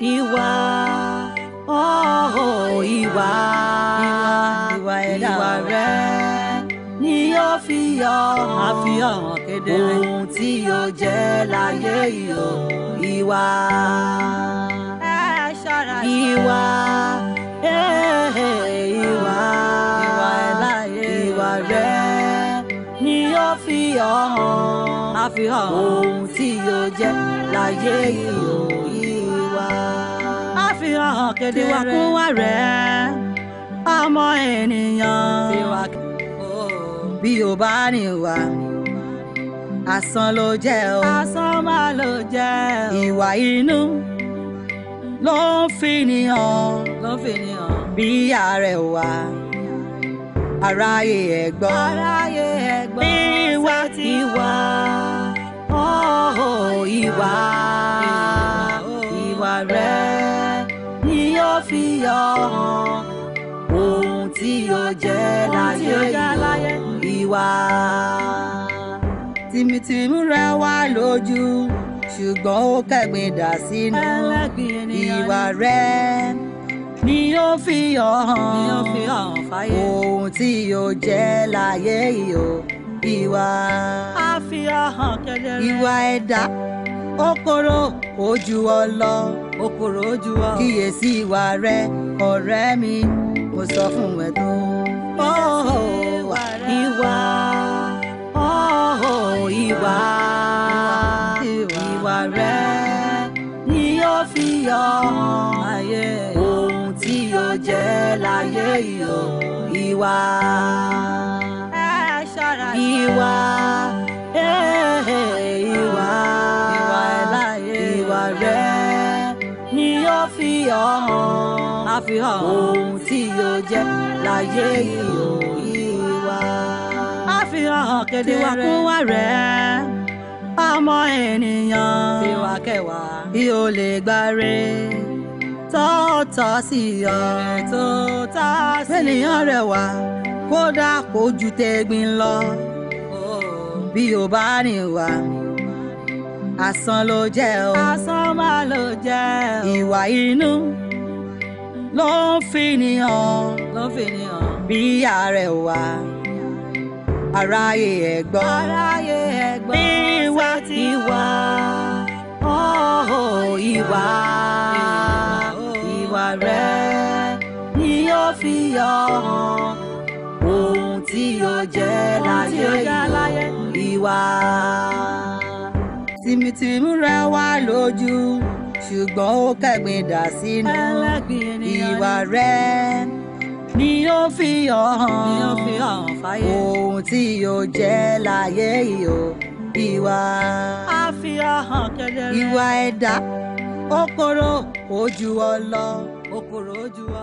Iwa, ọ̀hún Iwa, Iwa, Iwa, rẹ ni yóò fi yọ àfihàn kedere ohun tí yóò jẹ láyé ìhò Iwa, Iwa, Iwa, Iwa, rẹ ni yóò fi yọ àfihàn ohun tí yóò jẹ láyé ìhò yọ kedere ìwàkuwà rẹ̀ ọmọ ènìyàn bí o bá wa. asán ló jẹ́ o asán máa ló jẹ́ o ìwà inú ló ń fi nìyàn ló ń fi nìyàn bí arẹwà aráyé ẹ gbọ́ aráyé ẹ gbọ́ bí ìwà ti wà oh, oh, ìwà ìwà oh, rẹ fi hàn ohun tí o jẹ́ láyé ìwà tìmìtìmù rẹ wà lójú ṣùgbọ́n ó kẹ́gbin dà sínú ìwà rẹ ni ó fi hàn ohun tí o jẹ́ láyé ìwà ìwà ẹ̀dá okoro ojú ọlọ okoro ojú ọ kíyèsí ìwà rẹ ọ̀rẹ́ mi mo sọ fún ẹ tó ìwà ìwà ìwà rẹ ni yóò fi yọ ayé ohun tí yóò jẹ láyé ìhò ìwà ìwà eh, eh, ìwà. ọmọ àfihàn ohun tí yóò jẹ láyé ìhò ìwà. àfihàn kedewàkúwà rẹ ọmọ ènìyàn tiwakẹwà yóò lè gbáre tọ́tọ́ sí ọ tó tá sí. ènìyàn rẹwà kódà kó ju tẹ̀gbin lọ oh. bí o bá rìn wá. Asan ló jẹ́ o asán máa ló jẹ́ o ìwà inú ló ń fi ni hàn ló ń fi ni hàn bí ìyá rẹ̀ wá aráyé ẹ̀ gbọ́ aráyé ẹ̀ gbọ́ ìwà tiwa ọ̀ọ́ oh, oh, ìwà ìwà rẹ̀ ni yóò fi yọ hàn ohun tí yóò jẹ́ láyé ìwà tìmìtìmúra wà lójú ṣùgbọ́n ó kẹ́gbin dà sínú ìwà rẹ̀ ni ó fi hàn ohun tí yóò jẹ́ láyé yìí o ìwà ìwà ẹ̀dá okoro ojú ọ okoro ojú ọ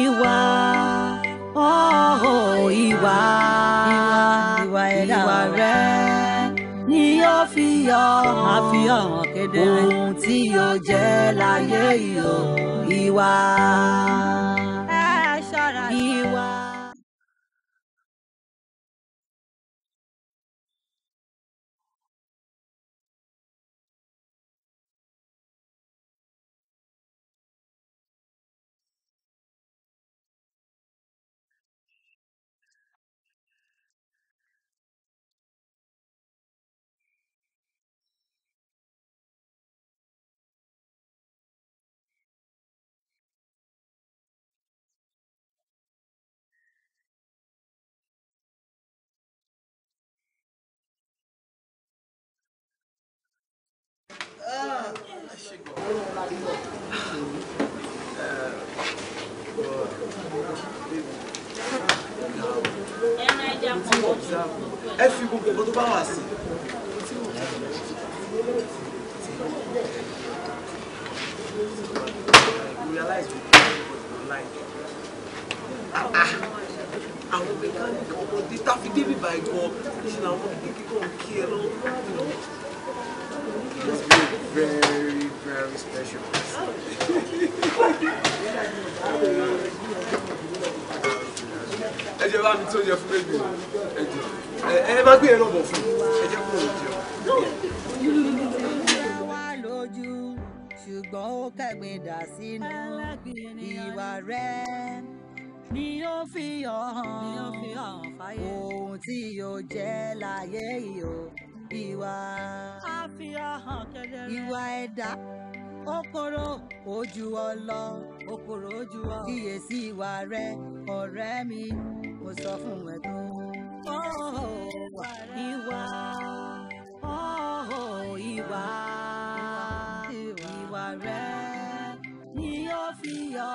ìwà ọ̀ọ́ ìwà ìwà ìwà rẹ ni yóò fi yọ àfihàn kedere ohun tí yóò jẹ́ láyé ìhò ìwà. jẹ́ láyé ìhò ìwà. a fi ahọ́n kẹlẹ́rẹ́. ìwà ẹ̀dá okoro ojú ọlọ okoro ojú ọ. kíyèsí ìwà rẹ ọ̀rẹ́ mi mo sọ fún ẹ tó. Oh, ìwà oh, ìwà ìwà rẹ ni yóò fi yọ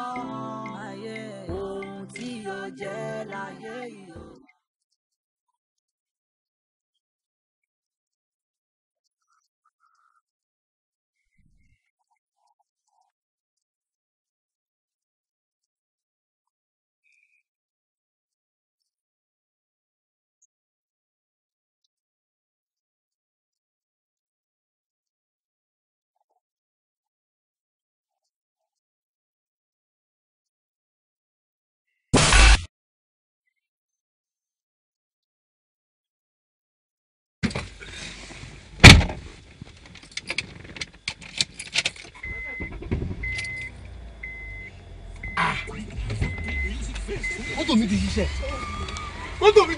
ayé ohun tí yóò jẹ́ láyé yìí. mọ́tò mi ti ṣiṣẹ́ mọ́tò mi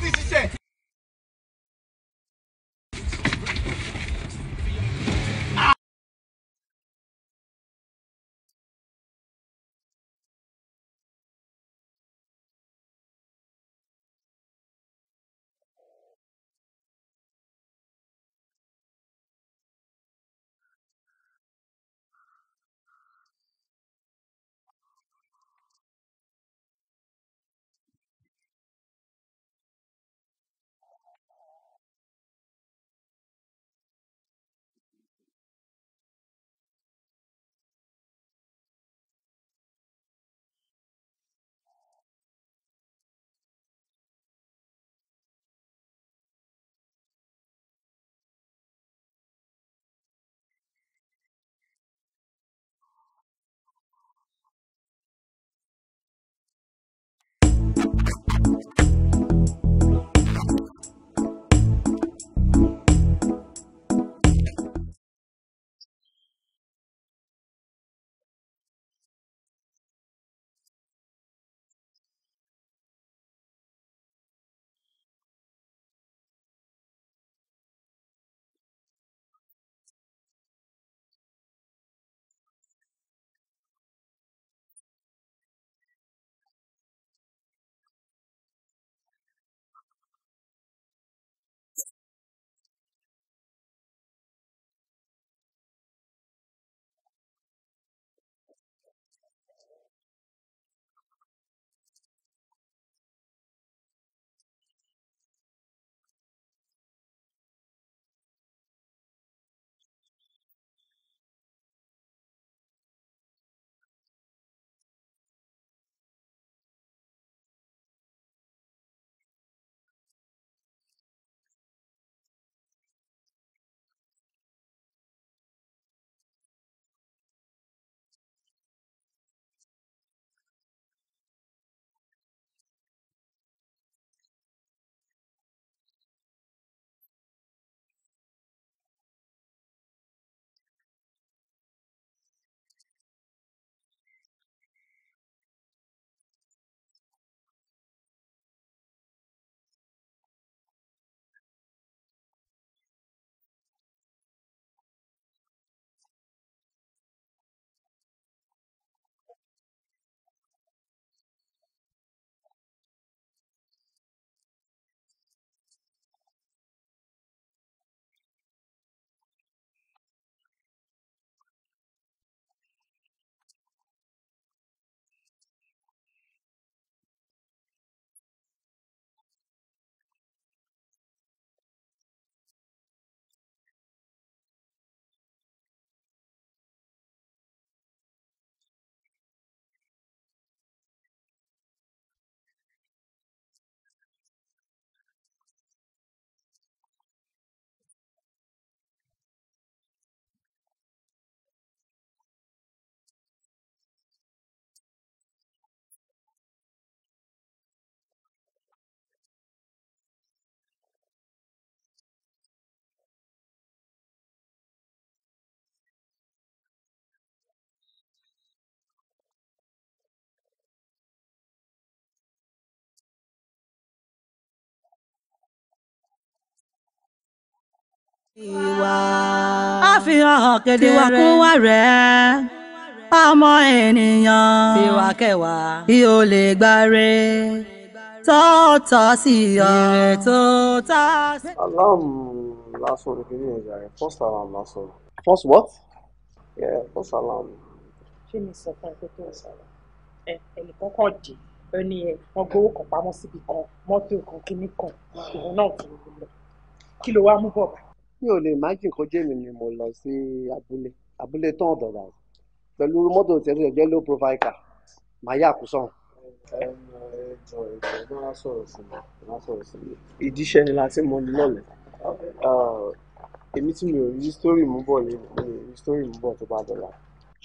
a fi hàn kedere tiwakunwa rẹ̀ ọmọ ènìyàn tiwakẹwàá kí o lè gbáre tọ́tọ́ sí ọ̀rẹ́ tó tọ́ alam lásán ni kìnìún ẹja rẹ first alam lásán first what yeah first alam. ṣé mi sọ fún ẹ pé kí n sọ̀rọ̀ ẹ ẹnìkan kàn dé ó ní ẹ wọn gbowó kan pamọ́ síbi kan mọ́tò kan kínní kan ìwọ náà kì í lọ kí ló wá mú bọ̀ bá mi ò lè imagine kó jẹ́ ni mo lọ sí abúlé abúlé tán ọ̀dọ̀ rà pẹ̀lú mọ́tò tẹ̀lé jẹ́ low profile car màá yà kú sọ̀hún. ìdí iṣẹ́ ni láti mọ ní lọ́lẹ̀ ah, èmi tí mi ò rí story mú bọ̀ ní rí story mú bọ̀ tó bá dọ̀la.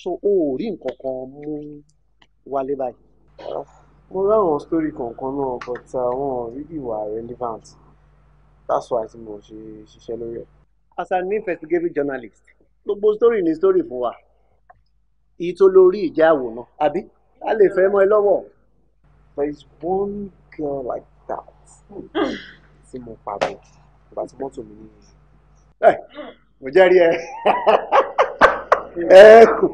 so o ò rí nǹkan kan mú wálé báyìí. mo ráwọn story kọ̀ọ̀kan náà but àwọn rí bí wà relevant that's why tí mo ṣe ṣiṣẹ́ lórí ẹ̀ as an investigative journalist gbogbo story ni story fún wa èyí tó lórí ìjà àwòrán àbí a lè fẹ́ mọ́ ẹ lọ́wọ́. there is one girl like that tí mo pa bọ̀ ìgbà tí mọ́tò mi ní ìṣù. mo jẹ́rìí ẹ ẹ kù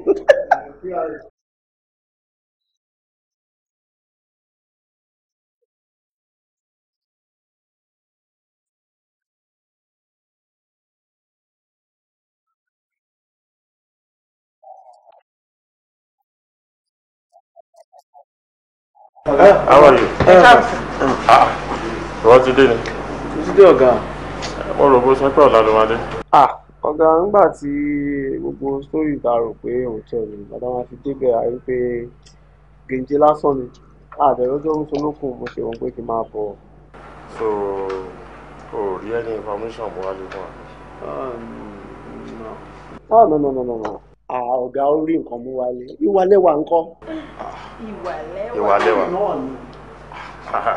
How are you? Wọ́n what you doing? Mo ti dé ọ̀gá. Mo rò bó ṣe pé ọ̀la ló máa dé. Ọ̀gá nígbà tí gbogbo sórí ìta rò pé òótọ́ ni bàbá máa fi débẹ̀ àrí pé gèǹjẹ lásán ni. Àdẹ̀rọ́jọ́ ń solókùn mo ṣe wọn pé kí n máa bọ̀. So o rí any information mo wá lè fún wa? No, no, no, no, no ọ̀gá ó nǹkan mú wálé ìwà lẹ́wà ńkọ́. ìwà lẹ́wà ìwà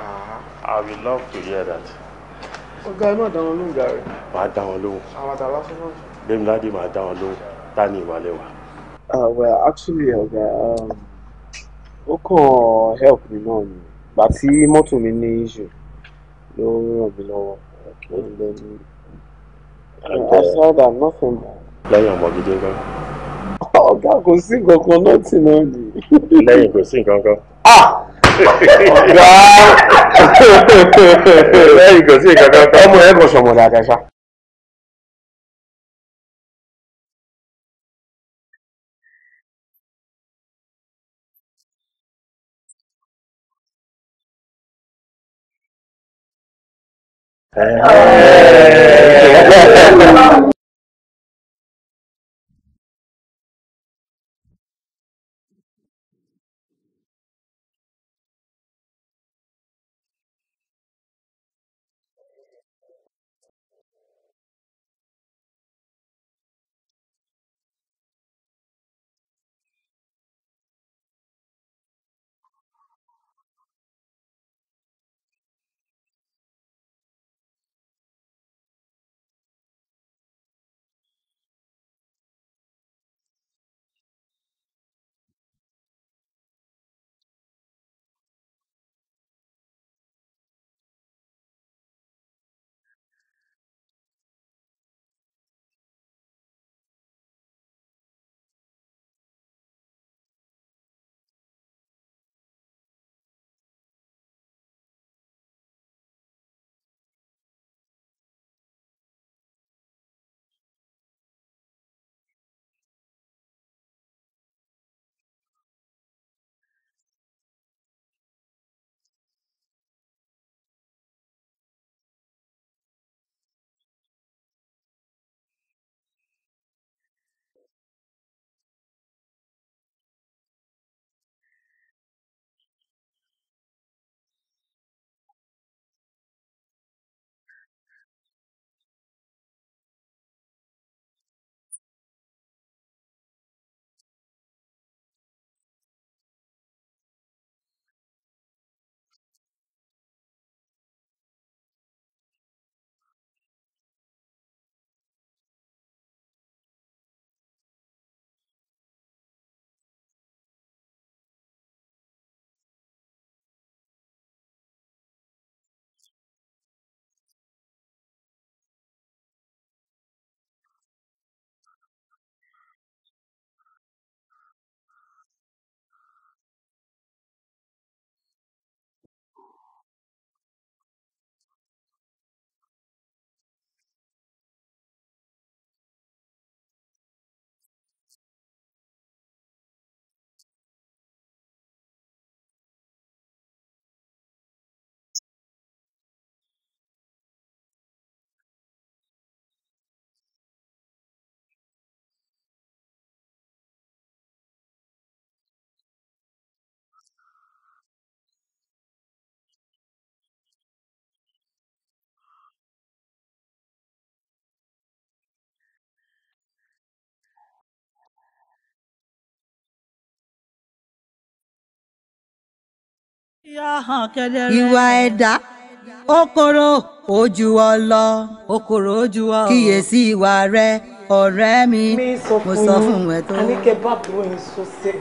I will love to hear that. ọ̀gá ẹ má dá wọn lóhùn gàrí. màá dá wọn lóhùn. àwọn àtàlà sọ́nà. bẹ́ẹ̀ni láti màá dá wọn lóhùn ta ni ìwà well actually ọ̀gá um, ó kàn help me náà ni gbà tí mọ́tò mi ní issue ló ràn mí lọ́wọ́ kí n I saw that nothing. lẹ́yìn ọmọ gidi gan ọ̀gá kò sí nǹkan kan náà tì náà dì. lẹ́yìn kò sí nǹkan kan. Ah! ọ̀gá lẹ́yìn kò sí nǹkan kan. ọmọ ẹ̀ kò sọ̀mọ̀ dáadáa ṣá. Hey. ìwà ẹ̀dá okoro ojú ọ lọ okoro ojú ọ kíyèsí ìwà rẹ ọ̀rẹ́ mi mo sọ fún ẹ tó. àníkẹ́ bá àbúrò yín sọ́sẹ̀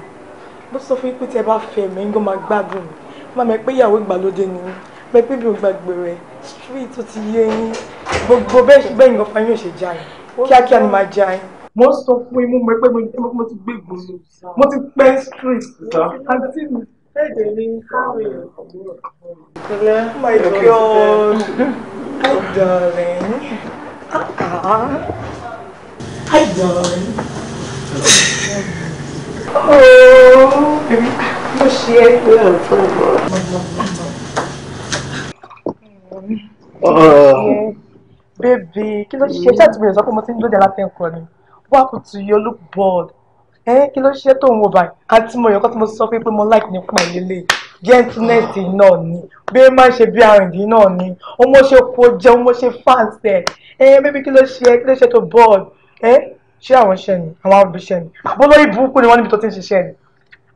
mo sọ fún yín pé tí ẹ bá fẹ́ mi ńgọ́ máa gbádùn mi máa mẹ́ pé ìyàwó ìgbàlódé ni mẹ́ pé bí mo gbàgbé rẹ̀ street tó ti yé yín gbogbo bẹ́ẹ̀ yín ọ̀fà yín ò ṣe já yín kíákíá ni máa já yín mo sọ fún yín mo mọ̀ pé mo ti gbé gbòòrò mo ti pẹ́ street àǹtí mi. Hey Friday how are you? Hello, my God. Hi, darling. Uh-uh. Hi, darling. oh, mo ṣe é pé à ń fún ọ. Bébí, kí ló ṣe? Ṣé àtúbẹ̀rẹ̀ sọ pé mo ti ń lóde alátẹ̀kọ́ ni? What to You look bored ẹ eh, kí ló ṣe tó ń wo báyìí àti mo yàn kọ́ tí mo sọ pé mo like nípa ìlélẹ̀ gentleness náà ni bí ẹ máa ṣe bí R&D náà ni ó mọ ṣe kó jẹ ó mọ ṣe fans ẹ ẹ eh, bíbí kí ló ṣe kí ló ṣe tó board ẹ eh, ṣé àwọn iṣẹ́ ni àwọn abiṣẹ́ ni àbólóyè burúkú ni wọ́n níbi tó ti ń ṣiṣẹ́ ni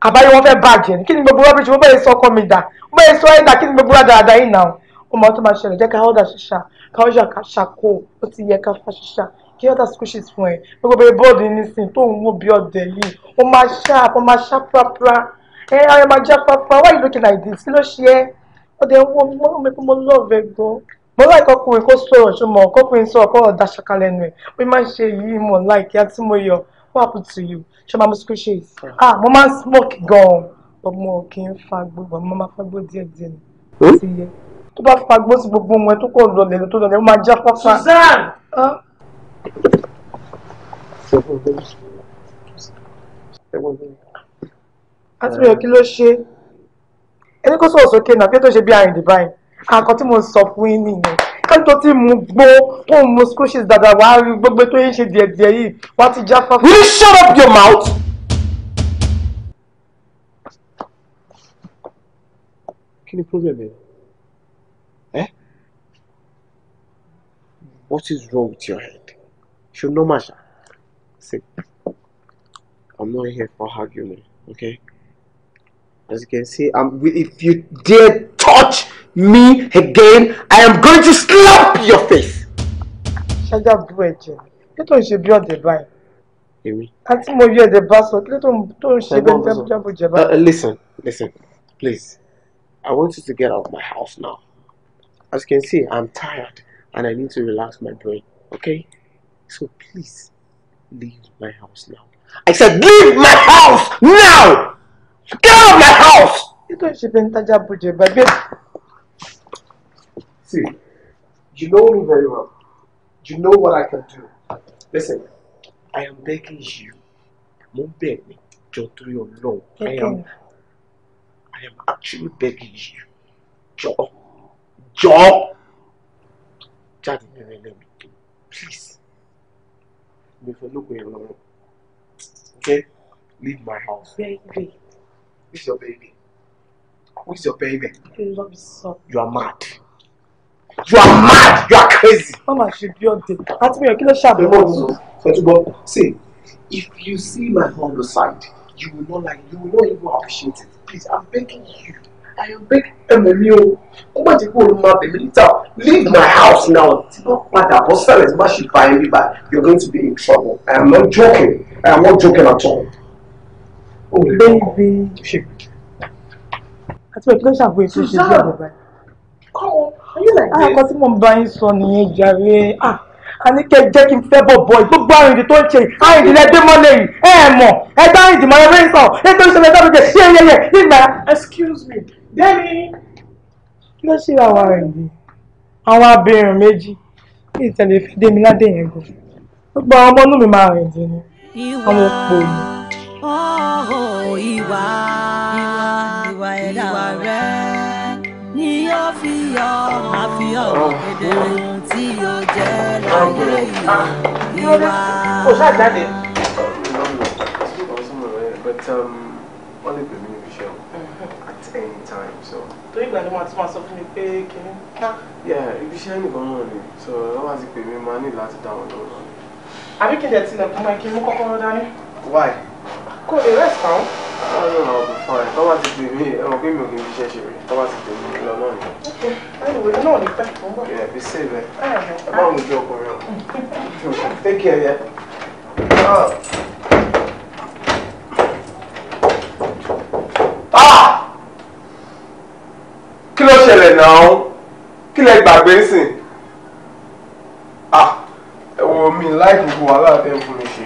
àbáyé wọn fẹ́ bàjẹ́ ni kí ni gbogbo rọ́bìṣì wọ́n bẹ̀rẹ̀ sọ ọkọ mi dà wọ́n bẹ̀rẹ̀ sọ ẹ̀dà kí ni gbogbo rà dáadáa yìí náà ó mọ tó máa ṣẹlẹ̀ jẹ́ ká ọ̀dà ṣiṣà ká ọ̀ṣà ká ṣàkó ó ti yẹ ká fa ṣiṣà kí ọ̀dà squishes fún ẹ gbogbo bẹ́ẹ̀ bọ́ọ̀dù nísìn tó ń wó bí ọ̀dẹ̀ yìí ó máa ṣáàpù ó máa ṣáà pàápàá ẹ ẹ máa já pàápàá why you looking like this kí ló ṣe ẹ́ ọ̀dẹ̀ ń wó mọ́ mi kó mo love ẹ gan mo láì kọkùnrin kó sọ̀rọ̀ ṣùgbọ́n kọkùnrin sọ̀rọ̀ kọ́ ọ̀dà ṣakalẹ̀ ẹnu ẹ̀ pé má ṣe yìí mọ̀ láìkí àti mo yọ what happened to you ṣé máa mú squishes hmm. ah mo máa ń smoke gan-an ọmọ kì í fa gbogbo ọmọ máa fa gbogbo díẹ̀díẹ̀ ni hmm? tó bá fa gbogbo sí gbogbo ọmọ ẹ tó kọ̀ lọlẹ̀ tó lọlẹ̀ ó máa já pápá. Suzanne àtúnyọ kí ló ṣe ẹni kó sọ̀rọ̀ sókè náà kí ṣe bí àrìndì báyìí àkọ́ tí mo sọ fún yín nìyẹn kẹ́ni tó ti mú gbó kó mú squishes dáadáa wàá rí gbogbo tó yín ṣe díẹ̀díẹ̀ yìí wàá ti já fáfá. Will you shut up your mouth? kí ni problem yẹn? Eh? What is wrong with your head? should not matter. See, I'm not here for argument, okay? As you can see, I'm, if you dare touch me again, I am going to slap your face. Ṣájà bú ẹ̀jẹ̀, kí tó ń ṣe bí ọ̀dẹ̀ báyìí? Èmi. Àti mo yẹ ẹ̀dẹ̀ bá sọ, kí tó ń ṣe uh, uh, Listen, listen, please. I want you to get out of my house now. As you can see, I'm tired and I need to relax my brain, okay? So please, leave my house now. I said, leave my house now! Get out of my house! You don't ship in Tajabuje, baby. See, you know me very well. You know what I can do. Listen, I am begging you. Don't beg me, do your Ọlọ́run. I am, I am actually begging you. Jọ̀ọ́, jọ̀ọ́. Jáde nílé please. Before look where you're um, Okay? Leave my house. Baby. Who's your baby? Who's your baby? I love you so. You are mad. You are mad. You are crazy. Mama she be on this. Auntie Mayor, kí ló ṣàbẹ̀wò. Fetubo, see, if you see my home side, you will not like, you will not even appreciate it. Please, I'm begging you. Ayọ̀gbé ẹ̀mọ̀ mi o ó gbọ́dọ̀ pé òun máa bẹ̀mí níta leave my house now tí wọ́n padà bọ́ sẹ́lẹ̀ tí wọ́n ṣe bá ẹ níbà you are going to be in trouble I am not joking I am not joking at all. Ògbéǹgbé ṣe àti pé kíló ṣàfihàn ètò ìṣèjì àbàbà. Àkọ́ tí mo ń bá yín sọ nìyẹn jàre àníkẹ́ ah, jẹ́ kí n fẹ́ bọ̀ bọ̀ gbogbo àrìndì tó ń ṣe àrìndì lẹ́dẹ́ mọ́lẹ̀ yìí ẹ̀ mọ̀ ẹgbẹ́ àrìndì mọ́ ẹgbẹ́ ìsàn ètò ìṣẹ̀lẹ̀ ìdábòjẹ́ sí ẹyẹyẹ nígbà. Excuse me. Dẹ́mi ló sì ra àwa rẹ̀ dé. Àwọn abirùn méjì kí ìtẹ̀lé fi Dẹ́mi ládé yẹn gùn. Gbogbo àwọn ọmọ inú mi máa rìn dé ni. Àwọn òpó ni. Ìwà oh, ìwà ìwà rẹ̀ ni yóò fi yọ àfihàn ah, ah. kedere tí yóò jẹ́ láyé ah. ìwà. Kò sáà jáde. Um, wọ́n lè pè mí torí ìgbà ló máa tún máa sọ fún mi pé kíní. ibi iṣẹ́ nìkan náà ni sọ ọ máa ti pè mí máa ní láti dá wọn lọ́wọ́. àbí kí n jẹ tilẹ̀ fún mi kí n mú kọ́kọ́rọ́ dání. why. kò lè rest kàn. ọlọ́run náà kò fún ẹ tọ́ bá ti pè mí ẹ mọ̀ pé mi ò kí n fi iṣẹ́ ṣe rè tọ́ bá ti pè mí lọ náà ni. ok anyway náà ní pẹ́ mo ń bọ̀. Eh? ẹ bí save ẹ ẹ má mú take care yẹ. ṣẹlẹ̀ náà kí lẹ gbàgbé sìn ah, ẹ wo mi láì gbogbo wàhálà tẹ fún mi ṣe.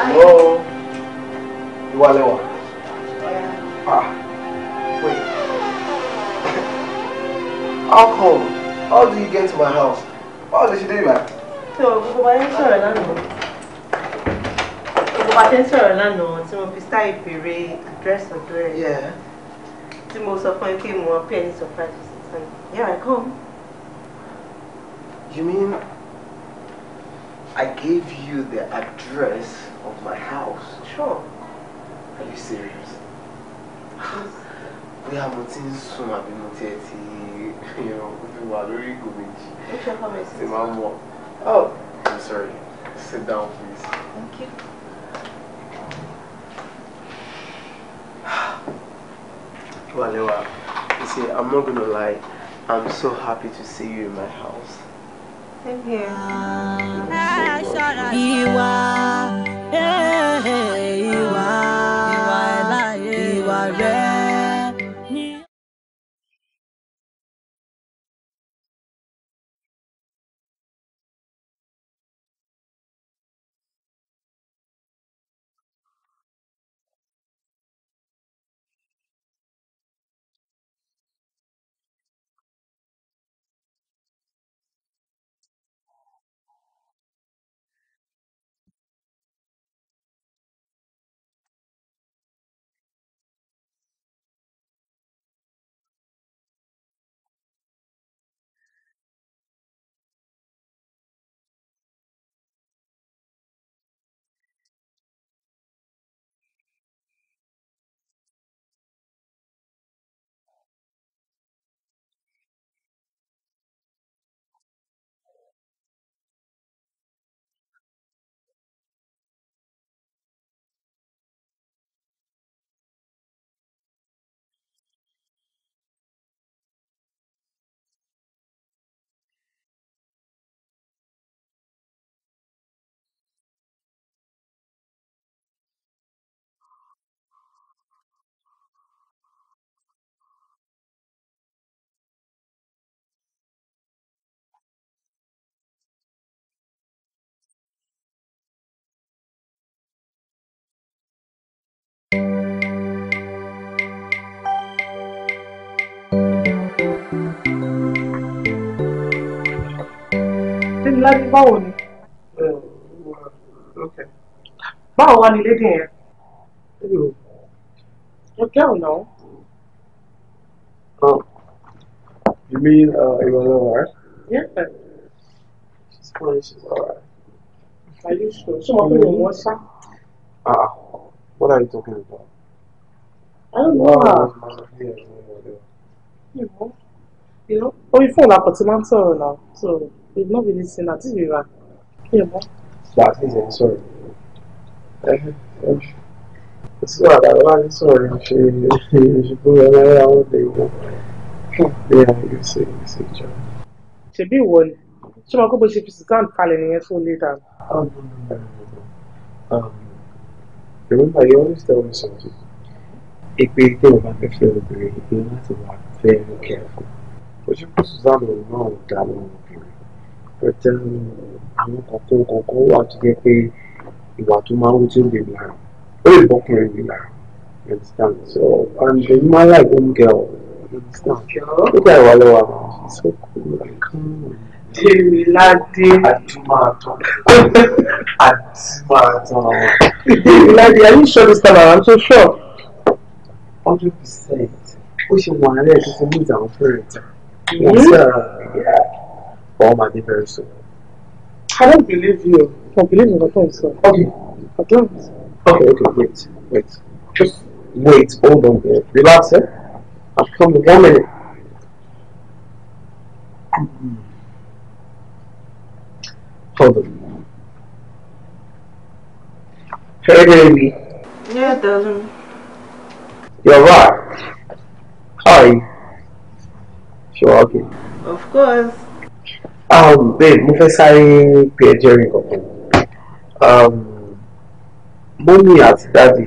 Hello. You are Lewa. Ah. Wait. How come? How do you get to my house? How did she do that? So, gbogbo ayé sọ̀rọ̀ lánàá bó bá ṣe ń sọ̀rọ̀ lánàá tí mo fi style ìbéèrè address ọ̀dọ́ rẹ̀ tí mo sọ fún ẹ pé mo wọ́n ẹni surprise for satan here I come. You mean I gave you the address of my house? Sure. Are you serious? bóyá mo ti ń sùn àbí mo tiẹ̀ ti fi wà lórí ìgò méjì ṣe máa ń wọ̀. Oh, I'm sorry. Sit down, please. Thank you. Walewa, you see, I'm not gonna lie. I'm so happy to see you in my house. Thank you. Eh, eh, ìwà, ìwà, ìwà, ìwà rẹ̀. Bíládé báwo ni? Eh, báwo wá ni lédè yẹn? Ọjọ́ ọ̀nà. Oh, oh, you mean uh, Iwala, right? Yeah. She's fine, she's alright. Are you sure? Some of you are Ah, what are you talking about? I don't know. Wow. You ah. know, you know, orí fóònù àpótí máa ń sọ̀rọ̀ náà, so. We've not really seen her. This is Rira. Here, mom. That is it, sorry. It's not that I'm sorry. She, she, she put me away all day. Yeah, you see, you see, John. She be one. She might go, but she can't call in here so later. Um, um, remember, you always tell me something. ìpè tó o bá fẹ́ fẹ́ we ìpè láti wà very careful. ojú kò sùn sáà lòun náà dá lóhùn but àwọn kọ̀ọ̀kan kọ̀ọ̀kan wà tó jẹ́ pé ìwà tó máa ń wú tí ó lè lára ó lè bọ́kùnrin lè lára you understand so and then you might like home girl you understand look at ìwà lọ́wọ́ àwọn so cool like come on. Tèmiládé Adúmọ̀tán Adúmọ̀tán Tèmiládé are you sure this time around I'm so sure. hundred percent ó ṣe wà á rẹ̀ tó fún mi ìtàn fún rẹ̀ tán. Mm-hmm. for my day very soon. I don't believe you. I believe in what I'm saying. Okay. I don't. Okay, okay, wait, wait. Just wait, hold on there. Relax, eh? I've come in one minute. Hold on. Hey, baby. Yeah, it doesn't. You're right. Hi. Sure, okay. Of course. um, babe mo fẹ́ sáré pe ẹjẹ́ rìn kankan um, mọ́mí àti dáàdì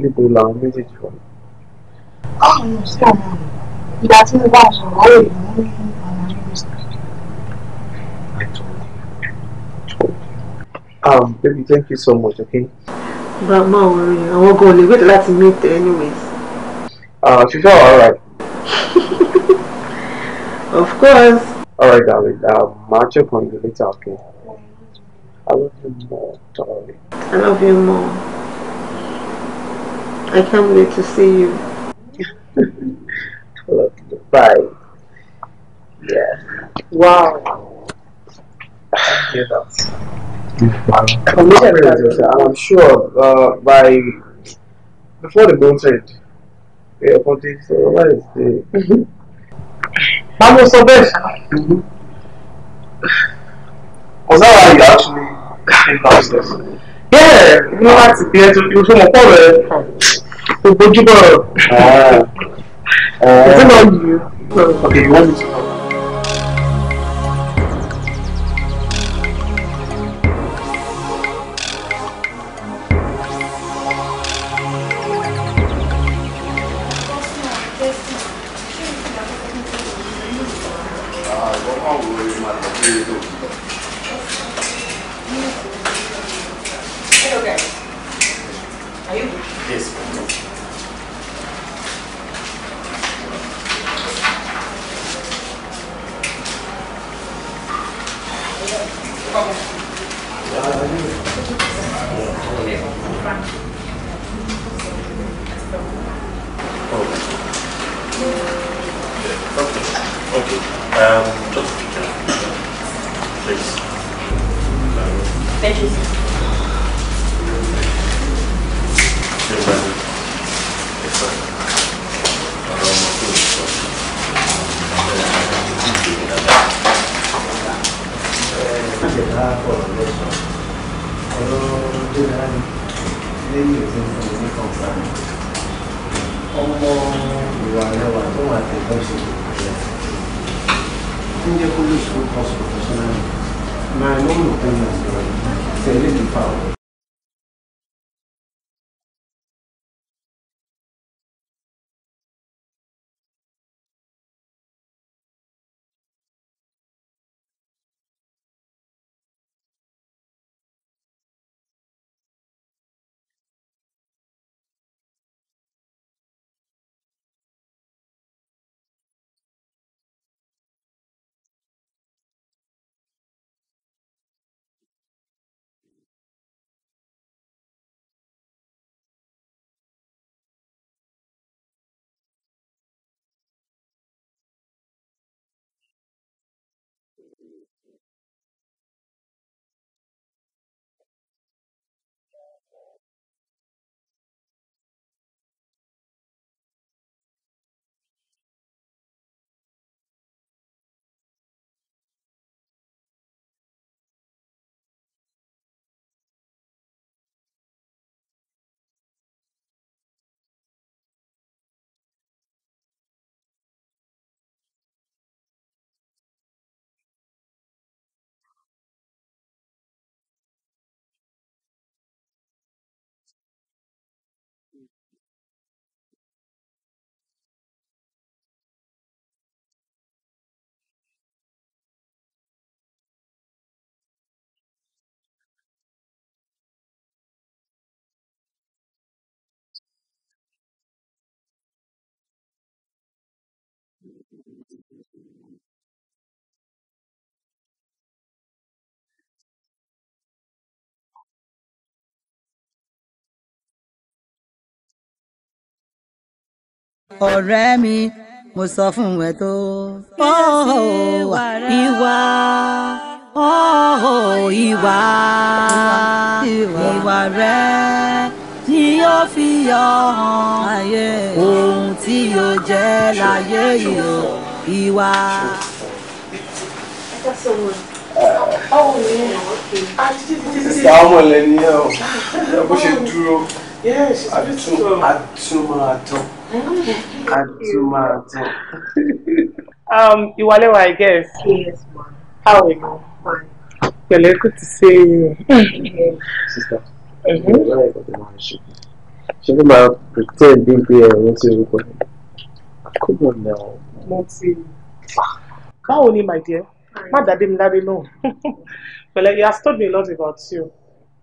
níbo làwọn méjèèjì wà. báwo sí ọ̀nà ìgbà tí mo bá sọ̀rọ̀ ó lè mú mi ọ̀nà nínú sàkíyèsí. Um, baby, thank you so much, okay? But ma worry, àwọn gan-an lè wait láti meet anyways. Uh, ah, she's all right. Of course. Alright, darling, now match your point. we talking. I love you more, darling. I love you more. I can't wait to see you. I love you. Bye. Yeah. Wow. yeah, that's. Committed, I'm sure uh, by before the concert, yeah, 40, so uh, what is the. bá ló sọ was that why actually came downstairs. bẹ́ẹ̀ ní láti bí ẹ tuntun fún ọ̀pọ̀ rẹ̀ kò bójú bọ̀. ẹ ẹ ẹ ẹ ẹ ẹ ẹ ẹ ẹ ẹ ẹ ń jẹ́ kó lè ṣe kọ́sùn professionally my own opinion is that it's a little power. ọ̀rẹ́ mi mo sọ fún ẹ tó. ìwà ìwà ìwà rẹ ni yóò fi yọ hàn ohun tí yóò jẹ́ láyé ìlò ìwà. Sáwọn lẹni ẹ o, bó ṣe dúró, àtúmọ̀ àtọ́. Adumadu. um, Iwalewa, I guess. Yes, ma'am. How are you? Fine. Well, good to see you. Sister, mm-hmm. why I got the marriage? Should I pretend being here and want to record? Come on now. Monty. Báwo ni, my dear? Má dàbí mi ládé náà. Well, he has told me a lot about you.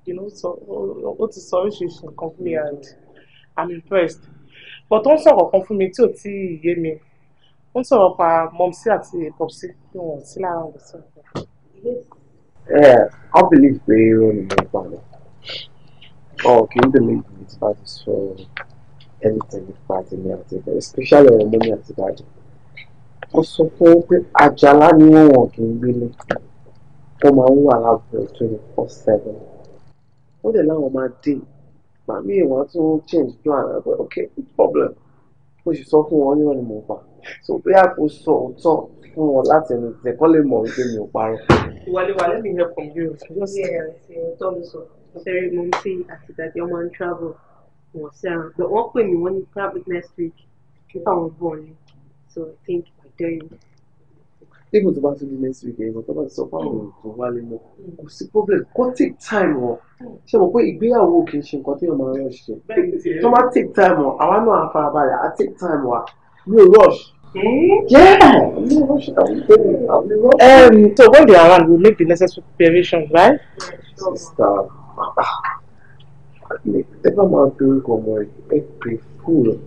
You know, so ó ti sọ oríṣiríṣi nǹkan fún mi and I'm impressed bọ̀ tó ń sọ̀rọ̀ kan fún mi tí ò tí ì yé mi ó ń sọ̀rọ̀ pa mọ̀mísí àti pọ̀písí tí wọ́n sí lára ọ̀dọ̀ sí ọ̀dọ̀. ẹ ọ believe pé irun ni mo gbà lọ ọ kì í believe me tí bá ti sọ anything nípa tèmi àti ìbẹ̀rẹ̀ especially ọ̀rọ̀ mọ́mí àti ìbàdàn ó sọ fún un pé àjàlá ni ó wọ̀n kì í gbélé ó máa ń wà lágbo twenty four seven ó dẹ̀ láwọn máa date gbà mí ìwà tún change plan ẹ pé ok no problem mo sì sọ fún wọn níwọ̀n ni so bóyá kò sọ òótọ́ fún wọn láti ẹnu tẹ̀ kọ́ lè mọ̀ wípé mi ò parọ́. ìwàlẹ́wà lẹ́mi yẹn kàn just òótọ́ ló sọ nítorí mo ń tí àti ìdàdí travel wọn sẹ́ran but wọ́n pè mí wọ́n ní next week nípa àwọn bọ́ọ̀lù so I think I even tó bá tún ní next week ẹ̀yìn tó bá ti sọ fún àwọn èèyàn tó wálé mọ́ kò sí problem kó take time ọ̀ ṣe mọ̀ pé ìgbéyàwó kì í ṣe nǹkan tí ọmọ rush ṣe tó bá take time ọ̀ àwa náà á farabalẹ̀ á take time wa no rush. Yeah. Hmm? Um, to go the around will make the necessary preparations, right? Sister, ever man doing come on, it be fool.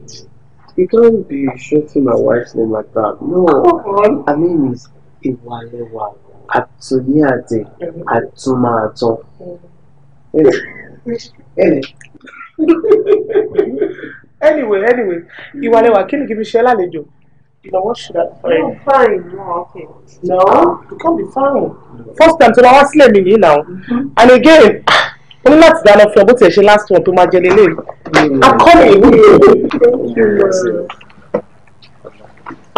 You can't be shouting my wife's name like that. No, I mean it's ìwà lẹwà àtúnyí anyway anyway ìwà lẹwà kí ni kí n fi ṣe lálejò. what should I find? No, okay. No, you can't be fine. First time to now what's let me now. And again, o ní láti dáná fún ọ bó tiẹ̀ ṣe last one tó máa jẹ lélẹ̀. Akọ́ni ìwé rẹ̀.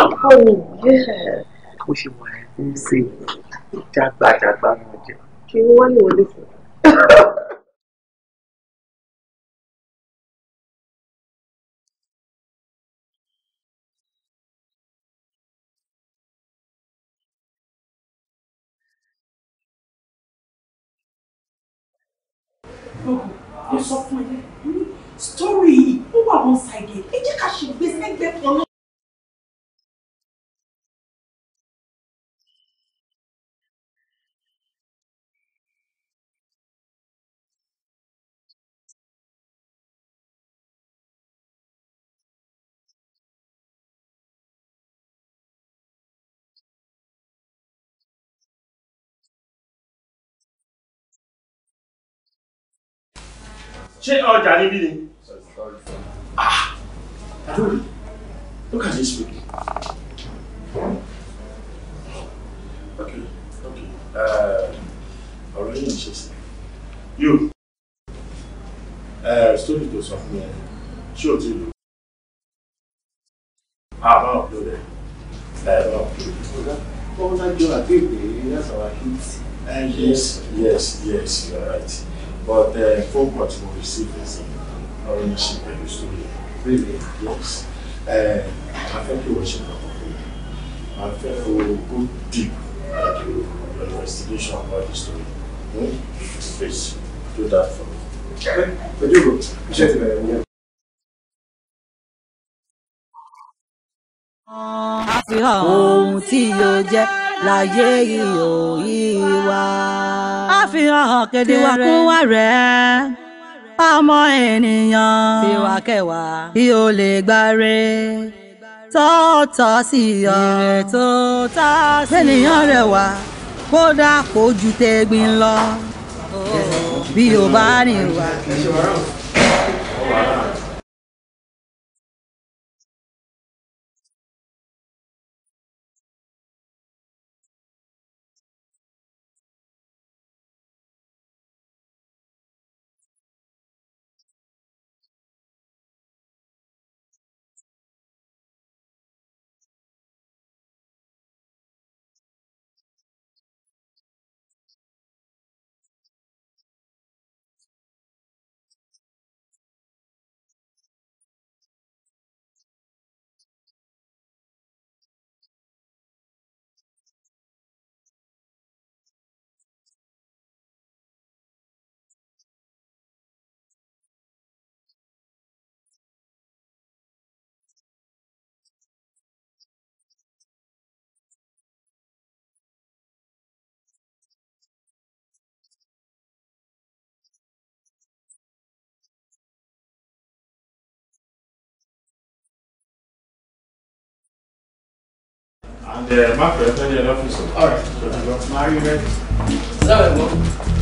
Akọ́ni, yeah bó ṣe wà ẹ́ ń ṣe jágbàjàgbà náà jẹ. kí ni wọ́n lè wọlé fún un. sọ fún ẹ story yìí ó wà one sided ẹ jẹ́ ká ṣe gbèsè kan náà. ṣé ọjà níbí ni. ah adori look at this baby. okay okay ọ̀rọ̀ yìí ń ṣe sí. you uh, story tó sọ fún mi ṣé o ti lò. àbá ọ̀dọ́ rẹ̀ ẹ̀rọ ọ̀dọ́. ọ̀dọ́ jọ àti ìpè yẹn sọ̀rọ̀ hit. Uh, yes yes yes you are right. But uh, uh, the full what you will receive is in ownership and history. Really, yes. Uh, I thank you, Worship. I thank you, go deep into your investigation about this story. Hmm? Please do that for me. Okay? you Appreciate it, a fi ohun tí yóò jẹ́ láyé ìhò ìwà. a fi hàn kedere ìwàkúwà rẹ̀ ọmọ ènìyàn tiwa kẹwàá bí o lè gbáre tọ́ọ̀tọ̀ sí ọ ètò tá a sì. ènìyàn rẹwà kódà kó ju tẹ̀gbin lọ oh. bí o bá rìn wá. Yeah, my friend, I tell you, I love you so. All right. Marry you, man. Love it,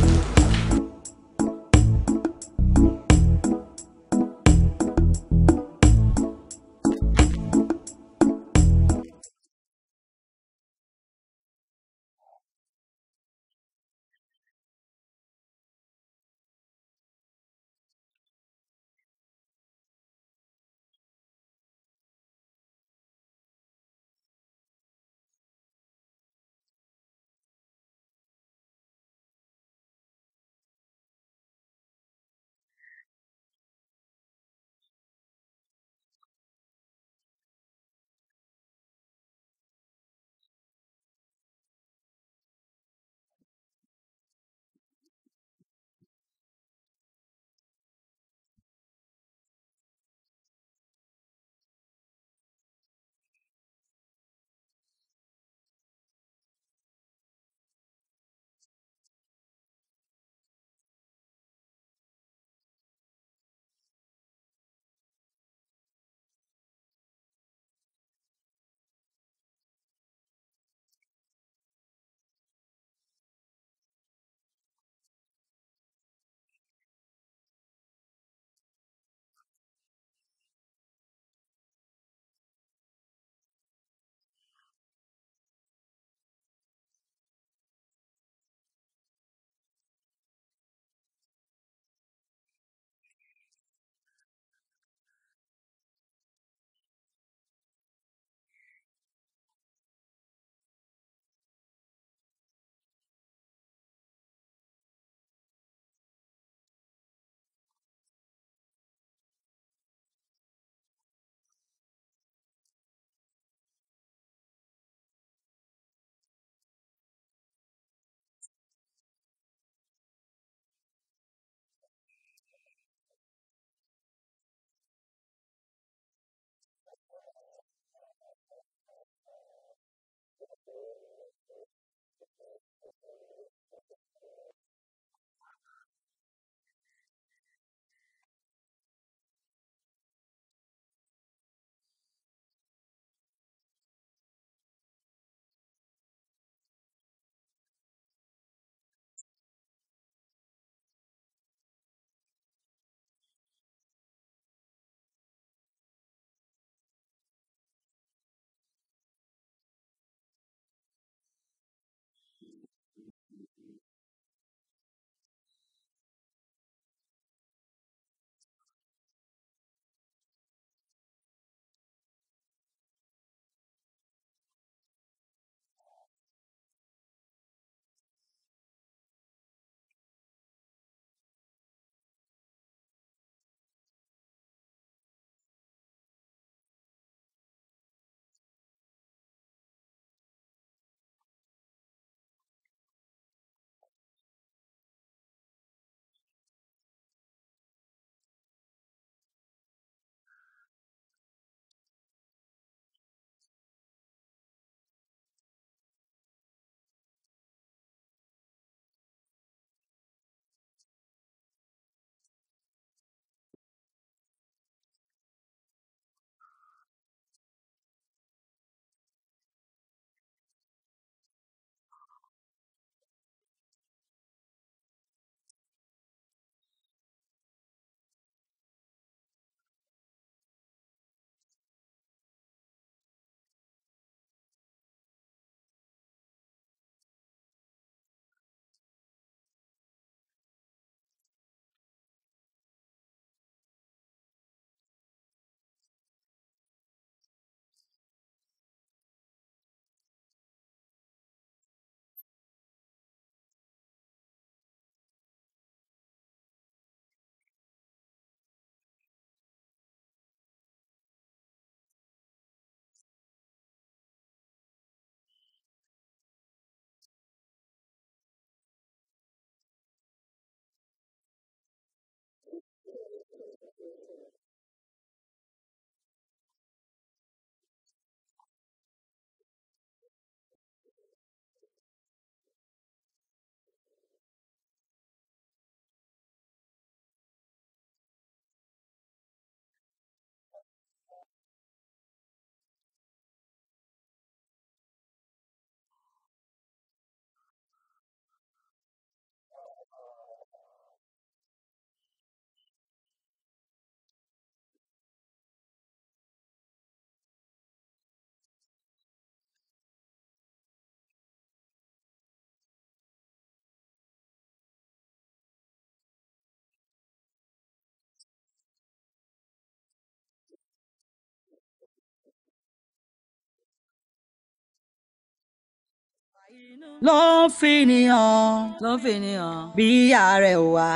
ló ń fi ni hàn ló ń fi ni hàn bí ààrẹ ò wá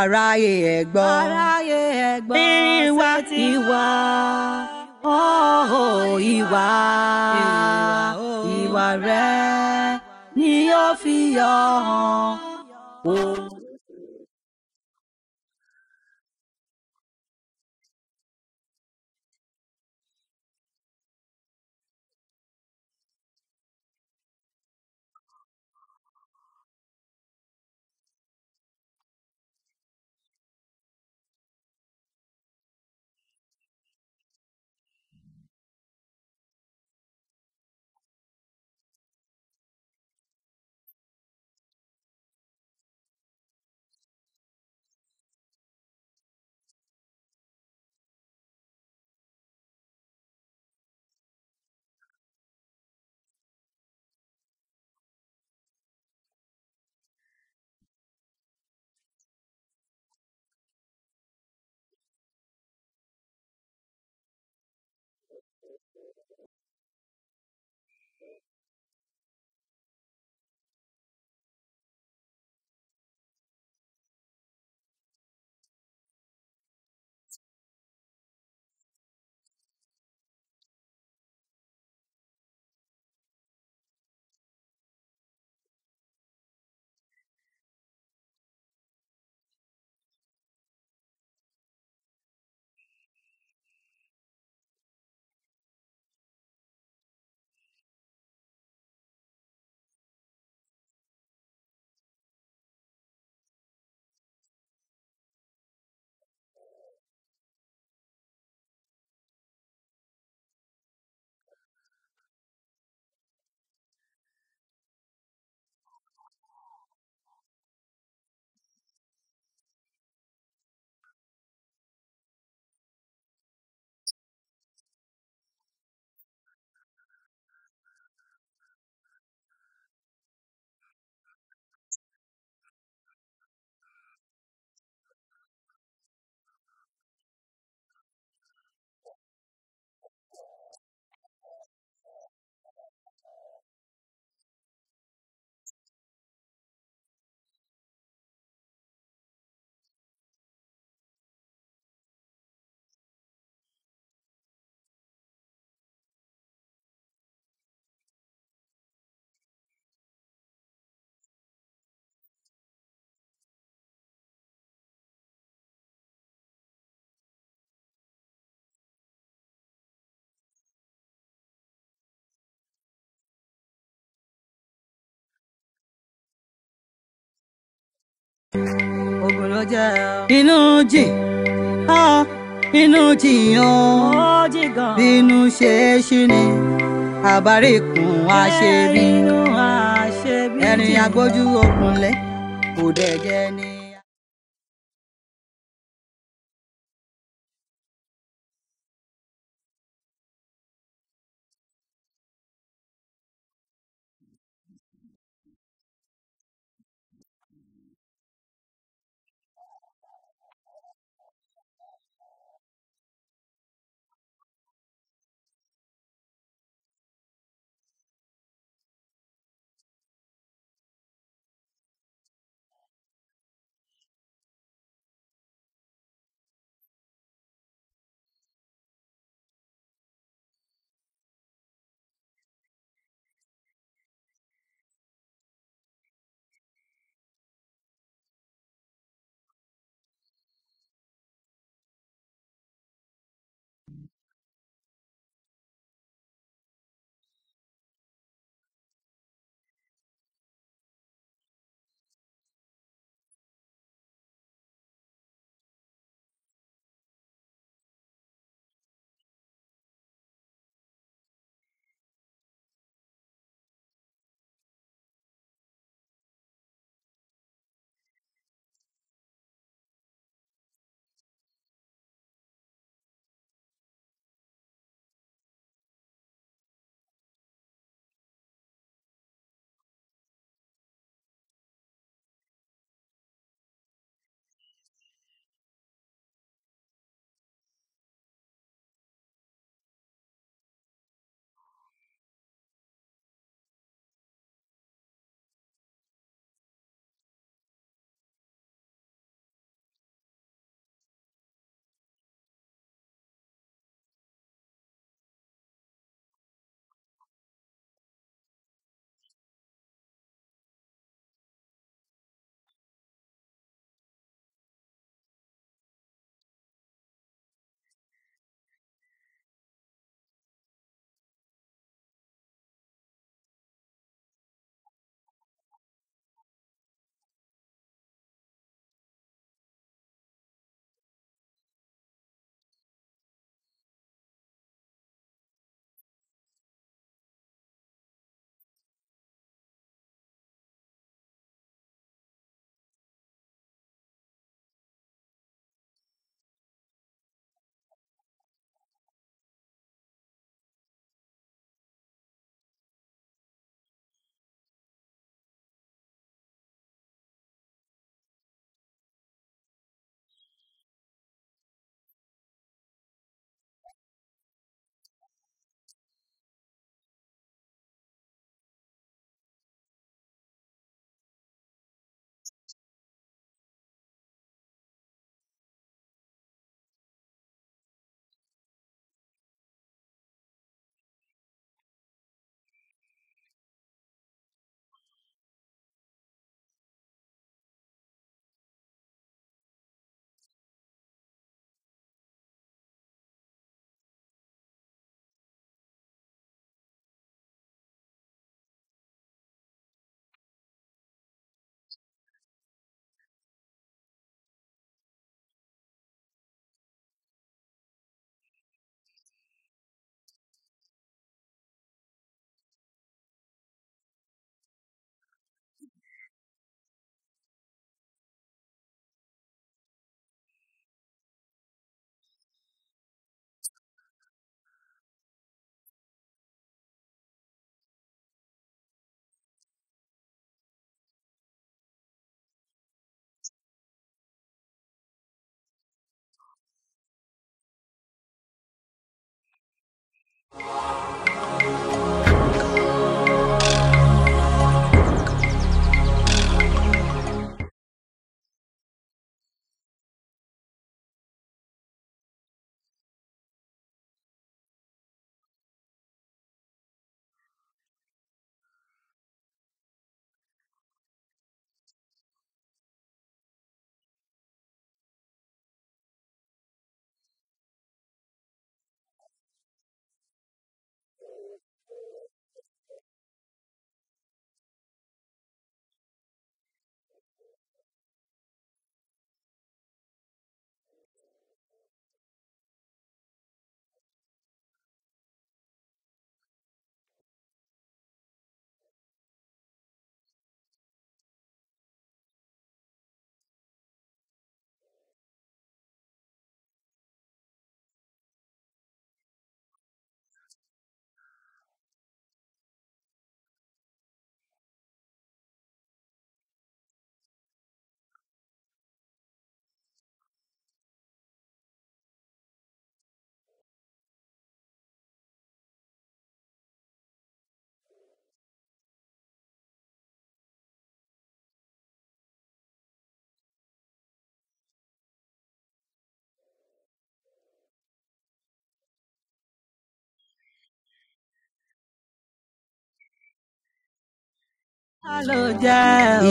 aráyé ẹ gbọ́ aráyé ẹ gbọ́ oh, oh, ìwà ìwà ọ̀ọ́ oh, ìwà ìwà rẹ ni yóò fi yọ hàn. ogun ló jẹ́ ọ. inú jì á inú jìyàn bínú ṣe é ṣí ni àbáríkùn àṣebí ẹ̀rìn agbójú òkunlé kò dẹ̀ jẹ́ ni.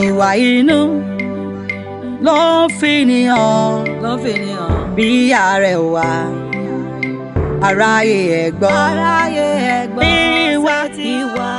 ìwà inú ló ń fi nìyàn ló ń fi nìyàn bí ààrẹ wà aráyé ẹ gbọ́ bí wá ti wà.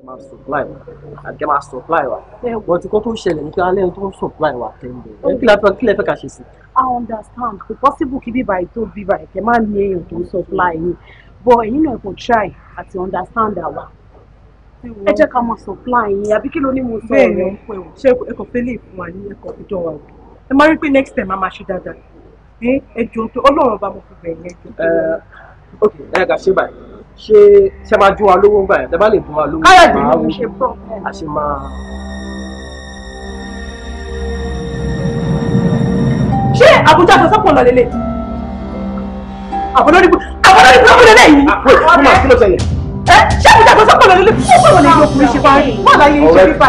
ẹ máa supply wa àbí máa supply wa ẹ̀wọ̀n tí kò tó ṣẹlẹ̀ ní kí tó supply wa tẹ̀lé ẹ kí lẹ́fẹ̀ kí lẹ́fẹ̀ ká ṣe sí. I understand kò possible kí bíbá yìí tó bíbá yìí kẹ má ní èèyàn tó ń supply yìí but ẹ̀yin náà kò try àti understand àwa ẹ jẹ́ ká mọ supply yín àbí kí ló ní mo sọ ọ̀rọ̀ ń pẹ̀ wọ́n. fẹlẹ fún wa ní ẹkọ fi wa wò ẹ máa rí pé next time a máa ṣe dáadáa ẹ jọ Ọlọ́run ọba mo fi bẹ̀rẹ̀ yẹn. Eh, ok ẹ kà ṣe báyìí ṣé ṣe máa dún wa lówó ńgbà yẹn tẹ́ bá lè dún wa lówó. káyọ̀dé ló ń ṣe problem. a ṣe máa. ṣé àbújá aṣọ sọ́pọ̀ lọ lélẹ̀? àbọ̀lórí àbọ̀lórí burúkú lélẹ̀ yìí. ọ̀rẹ́ kí ló ṣẹlẹ̀? ẹ eh, ṣé àbújá aṣọ sọ́pọ̀ lọ lélẹ̀ fún ọ̀pọ̀ wọn ìlú ọkùnrin ṣe báyìí? wọ́n láyé ọ̀rẹ́ ti pè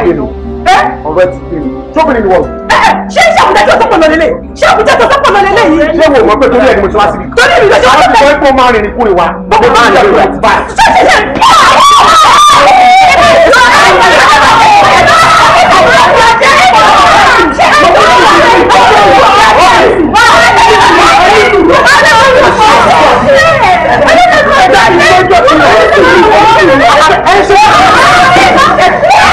mí àbújájọ tó pọnà lélẹ̀ ṣé àbújájọ tó pọnà lélẹ̀ yìí. ṣé wo mọ̀ pé torí ẹni mo ti wá síbi. torí ìlú ìdájọ́ wọn tẹ́lẹ̀. wọ́n ti sọ pé máa rìnrìn kúrin wa. gbogbo máa ń yàgò láti báyìí. ṣé ṣe ṣe pọ̀ Ẹ ṣe é!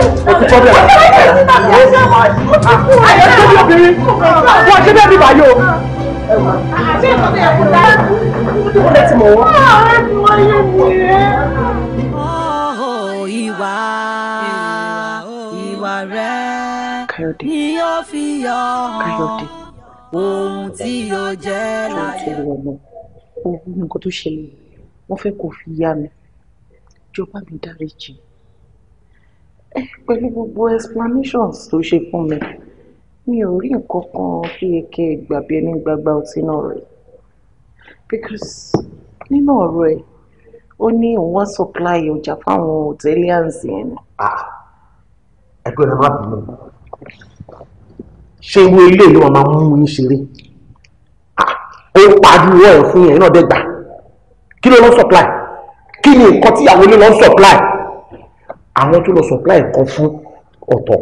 o ti tọ́ bẹ̀rẹ̀. ayọ̀ tó ní obìnrin wọ́n ṣe bẹ́ẹ̀ bí bàyò. ṣé ìkọ́ bẹ̀rẹ̀ kò dáa? ó lè ti mọ̀ wọ́n. ọ̀rẹ́ ìwà ìwà rẹ̀ ni yóò fi yọ ohun tí yóò jẹ́ láyé. ohun nǹkan tó ṣẹlẹ̀ wọ́n fẹ́ kó fi yá mi ìjọba mi dáríjì pẹ̀lú gbogbo explanations tó ṣe fún mi mi ò rí nǹkan kan tó yẹ kẹ́ ẹ gbàgbé ẹni gbagba ọtí náà rẹ̀ because nínú ọ̀rọ̀ ẹ̀ ó ní òun wá supply ọjà fáwọn hotelians yẹn. ẹgbẹ́ rẹ̀ má bínú ṣé irú ilé ìlú wọn máa ń mú yín ṣeré ó pariwo ẹ̀ fún yẹn náà dẹ́gbà kí ló lọ́ supply kí ni nǹkan tíyàwó ló lọ́ supply àwọn tó lọ supply kan fún ọ̀tọ̀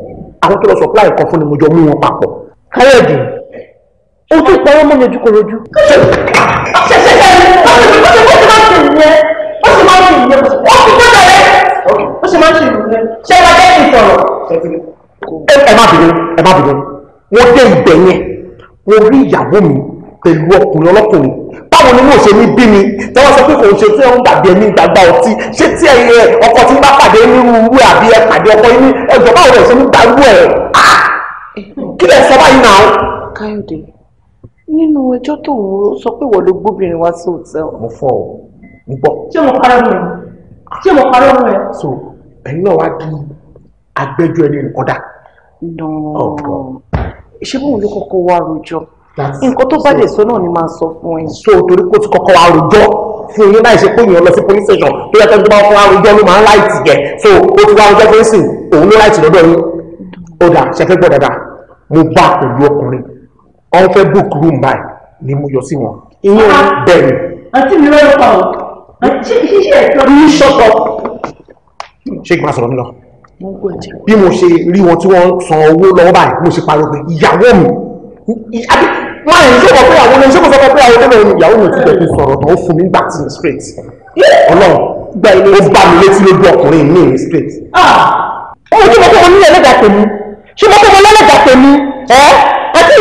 àwọn tó lọ supply kan fún ni mo jọ mú wọn papọ̀. káyọ̀dé o tún pa ọmọ mi ojúkorojú. ṣẹ̀ṣẹ̀ ṣẹ̀ṣẹ̀ ó sì máa ń ṣe ìyẹn ó sì máa ń ṣe ìyẹn ó sì tó tẹ̀lé ó sì máa ń ṣe ìyẹn ṣé ẹ bá ti sọ̀rọ̀. ẹ má bìnrin ẹ má bìnrin wọ́n dé ibẹ̀ yẹn wọ́n rí ìyàwó mi pẹ̀lú ọkùnrin ọlọ́kùnrin báwo ni mo ṣe ní bí mi tẹ́wọ́ sọ pé òun ṣe tí òun gbàgbé ní gbàgbá ọtí ṣé tí ẹ̀yẹ ọkọ tí bá pàdé onírúurú àbí ẹ pàdé ọkọ yín ní ẹjọ́ báwo rẹ̀ ṣe ní gbàgbó ẹ̀ ah! kí lẹ sọ báyìí náà. Káyọ̀dé nínú ẹjọ́ tó ń sọ pé wọ́n ló gbóbìnrin wá sí òtẹ́ẹ̀lì. mo fọ ọ n gbọ. ṣé mo parọ́ mọ́ ẹ ṣé mo parọ́ mọ́ ẹ. so ẹ̀yin náà wá di agbẹjọ́ ẹni nǹkan dà. Oh, ṣé bóun ló kọ́kọ́ wá rojọ́ nǹkan tó bá lè sọ náà ni máa sọ fún ẹ. so torí kó ti kọ́kọ́ àròjọ fún yín láì ṣe pé èèyàn lọ sí police station tó yẹ kẹ́kọ̀ọ́ fún àròjọ ló máa ń láìtì jẹ so ó ti wá àròjọ fún sìn òun ló láìtì lọ́dọ̀ yín. ó dà ṣẹfẹ́ gbọ́ dáadáa mo bá pẹ̀lú ọkùnrin ọ̀n fẹ́ book room báyìí ni mo yọ sí wọn. ìyẹn bẹ̀rẹ̀. àti mi lọ́yọ̀ pa ọ́ ṣíṣe ẹ̀tọ́ mi ṣọ́kọ. ṣé ìgbà sọ̀rọ̀ mi lọ bí mo ṣe rí wọn tí wọ́n san owó lọ́wọ́ báyìí mo ṣe pariwo wọn àyè ṣé wọ́n pé àwọn ọmọ ìṣègùn sọ́kọ́ pé àwọn ọmọ ìyàwó ìyàwó mi ò tíì tẹ̀lé sọ̀rọ̀ tán ó fún mi gbà tí n straight ọlọ́run gba ilé ó bá mi létí lójú ọkùnrin mi ní straight. Ah! ó ní kí mo kọ́ mo ní ẹlẹ́dàá pèmí ṣé mo kọ́ mo lẹ́lẹ́dàá pèmí ẹ́ àti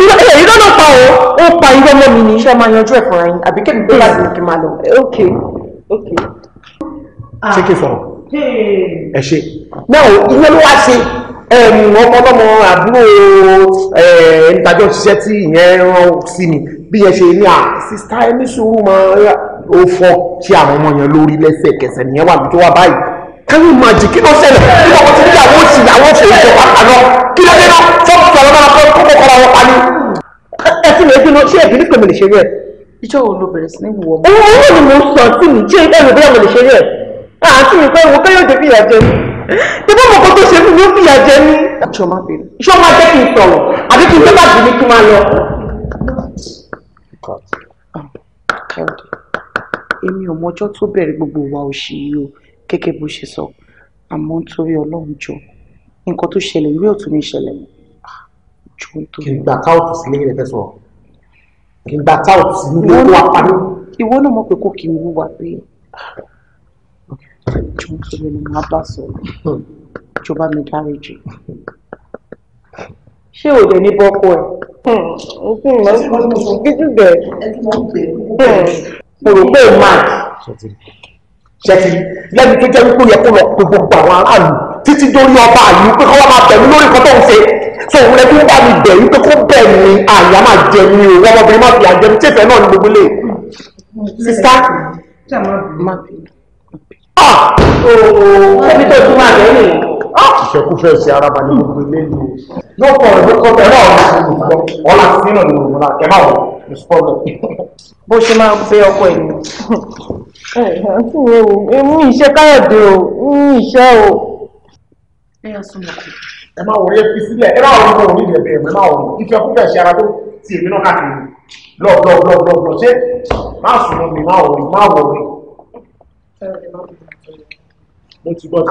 ìrọ́ náà pa o ó pa irọ́ mọ́ mi ní iṣẹ́ máa yanjú ẹ̀ fúnra yín àbí kébì bí láti ní kí n máa lọ. ok ok. Ah. ṣé kí n sọ̀rọ̀ ẹ ṣe náà ìyẹn ló wá ṣe ọmọlọ́mọ àbúrò ẹ̀ẹ́dájọ́ ṣiṣẹ́ tí ìyẹn rán sí ni bí yẹn ṣe ní à sísá ẹni sùúrù máa ó fọ́ ṣe àwọn ọmọ yẹn lórí lẹ́sẹ̀kẹsẹ̀ nìyẹn wà lójó wa báyìí káyọ̀ máa jì kí ló ṣẹlẹ̀ nígbà wọn ti ní àwọn òsì àwọn òsì ìjọba àná kí ló dé náà fọ́ọ̀mù tí ọlọ́mọ náà kọ́kọ́ kọ́ra wọn parí ẹtí lè dúró ṣé ìbílẹ̀ pé mo lè ṣe rí ẹ̀. ìjọ wo ló bẹ̀rẹ̀ sí ní wọ̀ mọ́. owó ni mo sọ sí mi ṣé ẹ̀rù bí mo lè ṣe rí ẹ̀ àǹtí mi pé wo pé yóò dé bí ìyá jẹ mi tí bó mọ̀kọ́ tó ṣe fún mi ó fìyà jẹ ní. ṣé o máa bèrè ṣé o máa jẹ́ kí n sọ̀rọ̀ àbí kí n tẹ́lá jù ní kí n máa lọ. èmi ò mọjọ́ tó bẹ̀rẹ̀ gbogbo wa ò ṣì yí o gẹ́gẹ́ bó ṣe sọ àmọ́ nítorí ọlọ́run jọ nǹkan tó ṣẹlẹ̀ ìwé ò tún ní ṣẹlẹ̀ mọ́ ah, ju nítorí. kì í gbà táwùtù sílé rẹ fẹ́ sọ̀rọ̀ kì í gbà táwùtù sílé rẹ wà pa ìwọ náà mọ̀ pé kò kì í wúwa pé tí mo sọ lẹ́nu máa bá sọ̀rọ̀ tí o bá mi dáríjì. ṣé o dẹ̀ ní bọ́kọ ẹ̀? mo fi ìmọ̀ gíjú bẹ̀. mo rò pé o máa. ṣètì lẹ́nu tó jẹ́ wípé ó yẹ kó lọ pe gbogbo àwọn aráàlú títí dórí ọba yìí pé kó wá máa bẹ̀rù lórí nǹkan tó ń ṣe tó òun lẹ́nu wá mi bẹ̀rù pé kó bẹ̀ ni àyà máa jẹ mi ò ọmọbìnrin máa fi àjẹmí tí ìfẹ́ náà ní gbogbo lè. sista má bínú ẹbí tó tún máa jẹ́ ní ìṣẹ́kúfẹ́ sí araba ní gbogbo ilé ìlú yóò kọ̀ ọ̀rọ̀ kọ́ bẹ̀rẹ̀ ọ̀rọ̀ sí olùkọ́ ọ̀la sínú ní òmùra kẹ́mà wọ̀ ní sọ́ọ̀lọ̀. bó ṣe máa gbé ọkọ ẹ̀ nù. àti ìyẹn o èmi ìṣe káyọ̀dé o ń ìṣe o. ẹ yà sọ lọkọ. ẹ má wọlé fi sílẹ̀ ẹ má wọlé fún òní ìdẹ̀bẹ̀ ẹ má wọlé ìṣẹ́kúfẹ́ sí ara tó ti èmi náà káàkiri lọ́ọ̀lọ́ọ̀lọ́ọ̀lọ́ mo ti gbọ́ títí mo ti gbọ́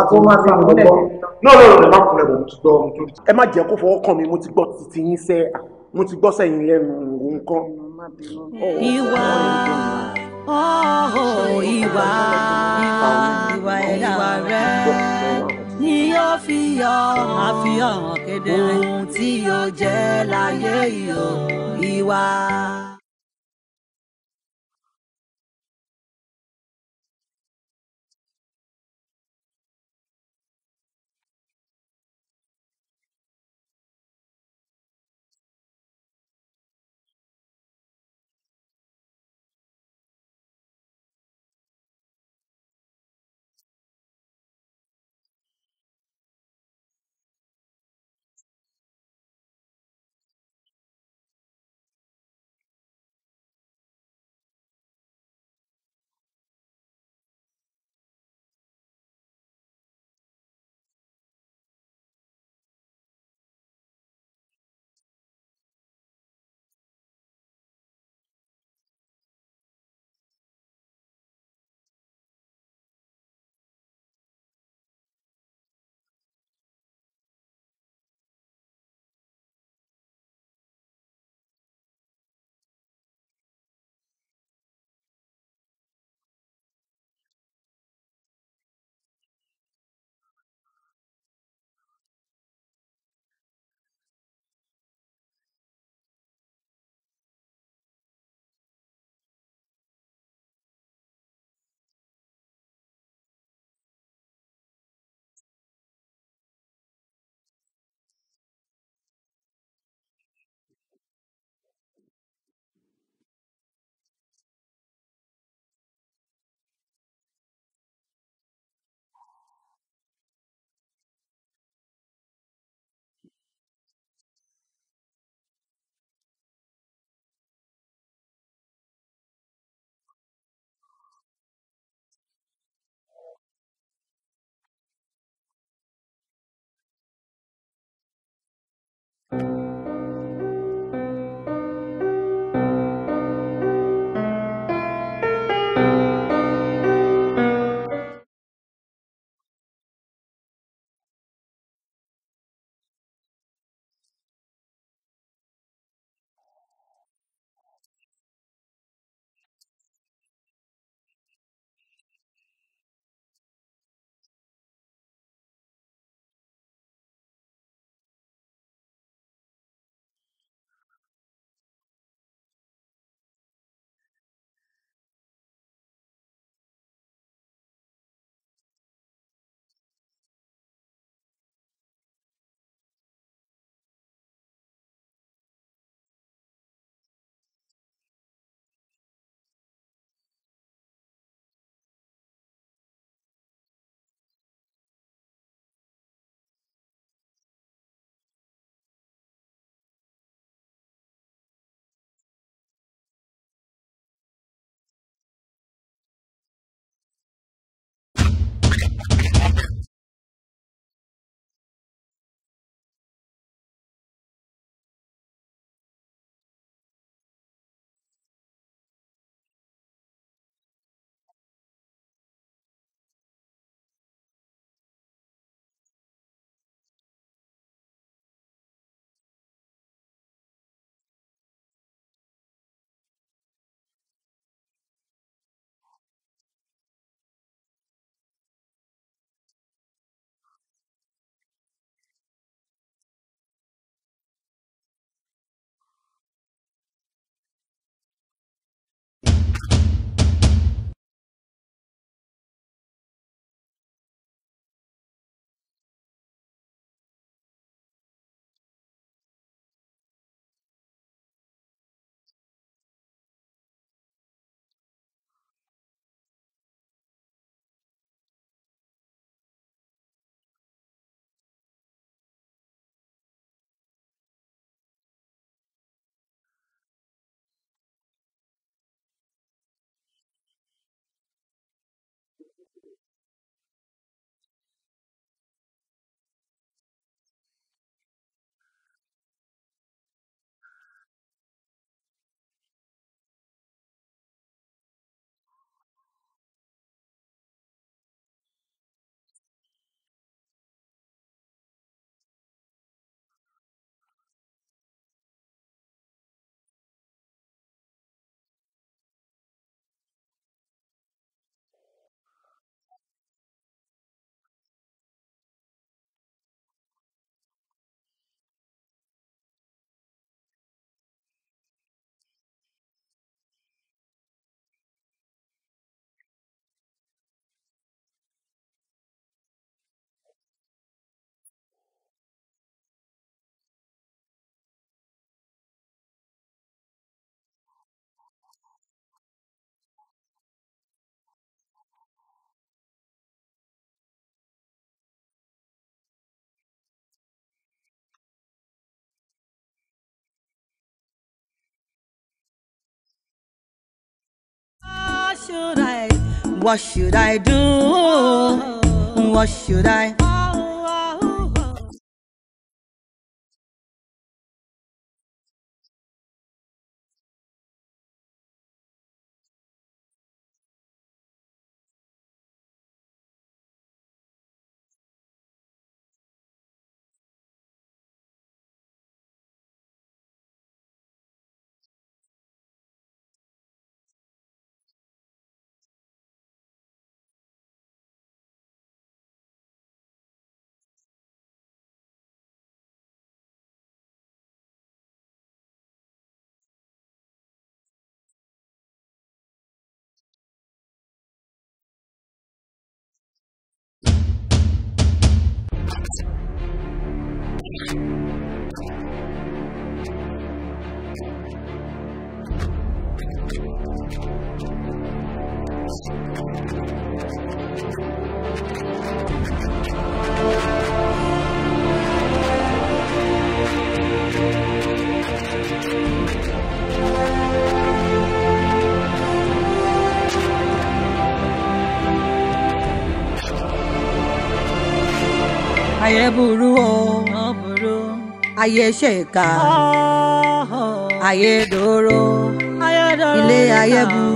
náà lọ́rọ̀ rẹ̀ má kúnlẹ̀ mo ti gbọ́ nítorí. ẹ má jẹ́ kó fọwọ́ kàn mí mo ti gbọ́ títí yín sẹ́ mo ti gbọ́ sẹ́yìn lẹ́nu nǹkan. ìwà ọ̀hún ìwà ìwà ìwà rẹ̀ ni yóò fi yọ àfihàn kedere ohun tí yóò jẹ́ láyé ìhò ìwà. should I, what should I do? What should I? burú o ayé ẹ̀ṣẹ̀ ìka ah, ah. ayé dòrò ilé ayé burú.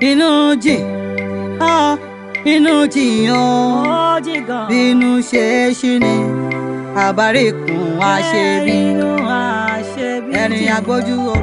inú jì inú jìyàn bínú ṣe é ṣí ni àbáríkùn àṣebí ẹni agbójú o.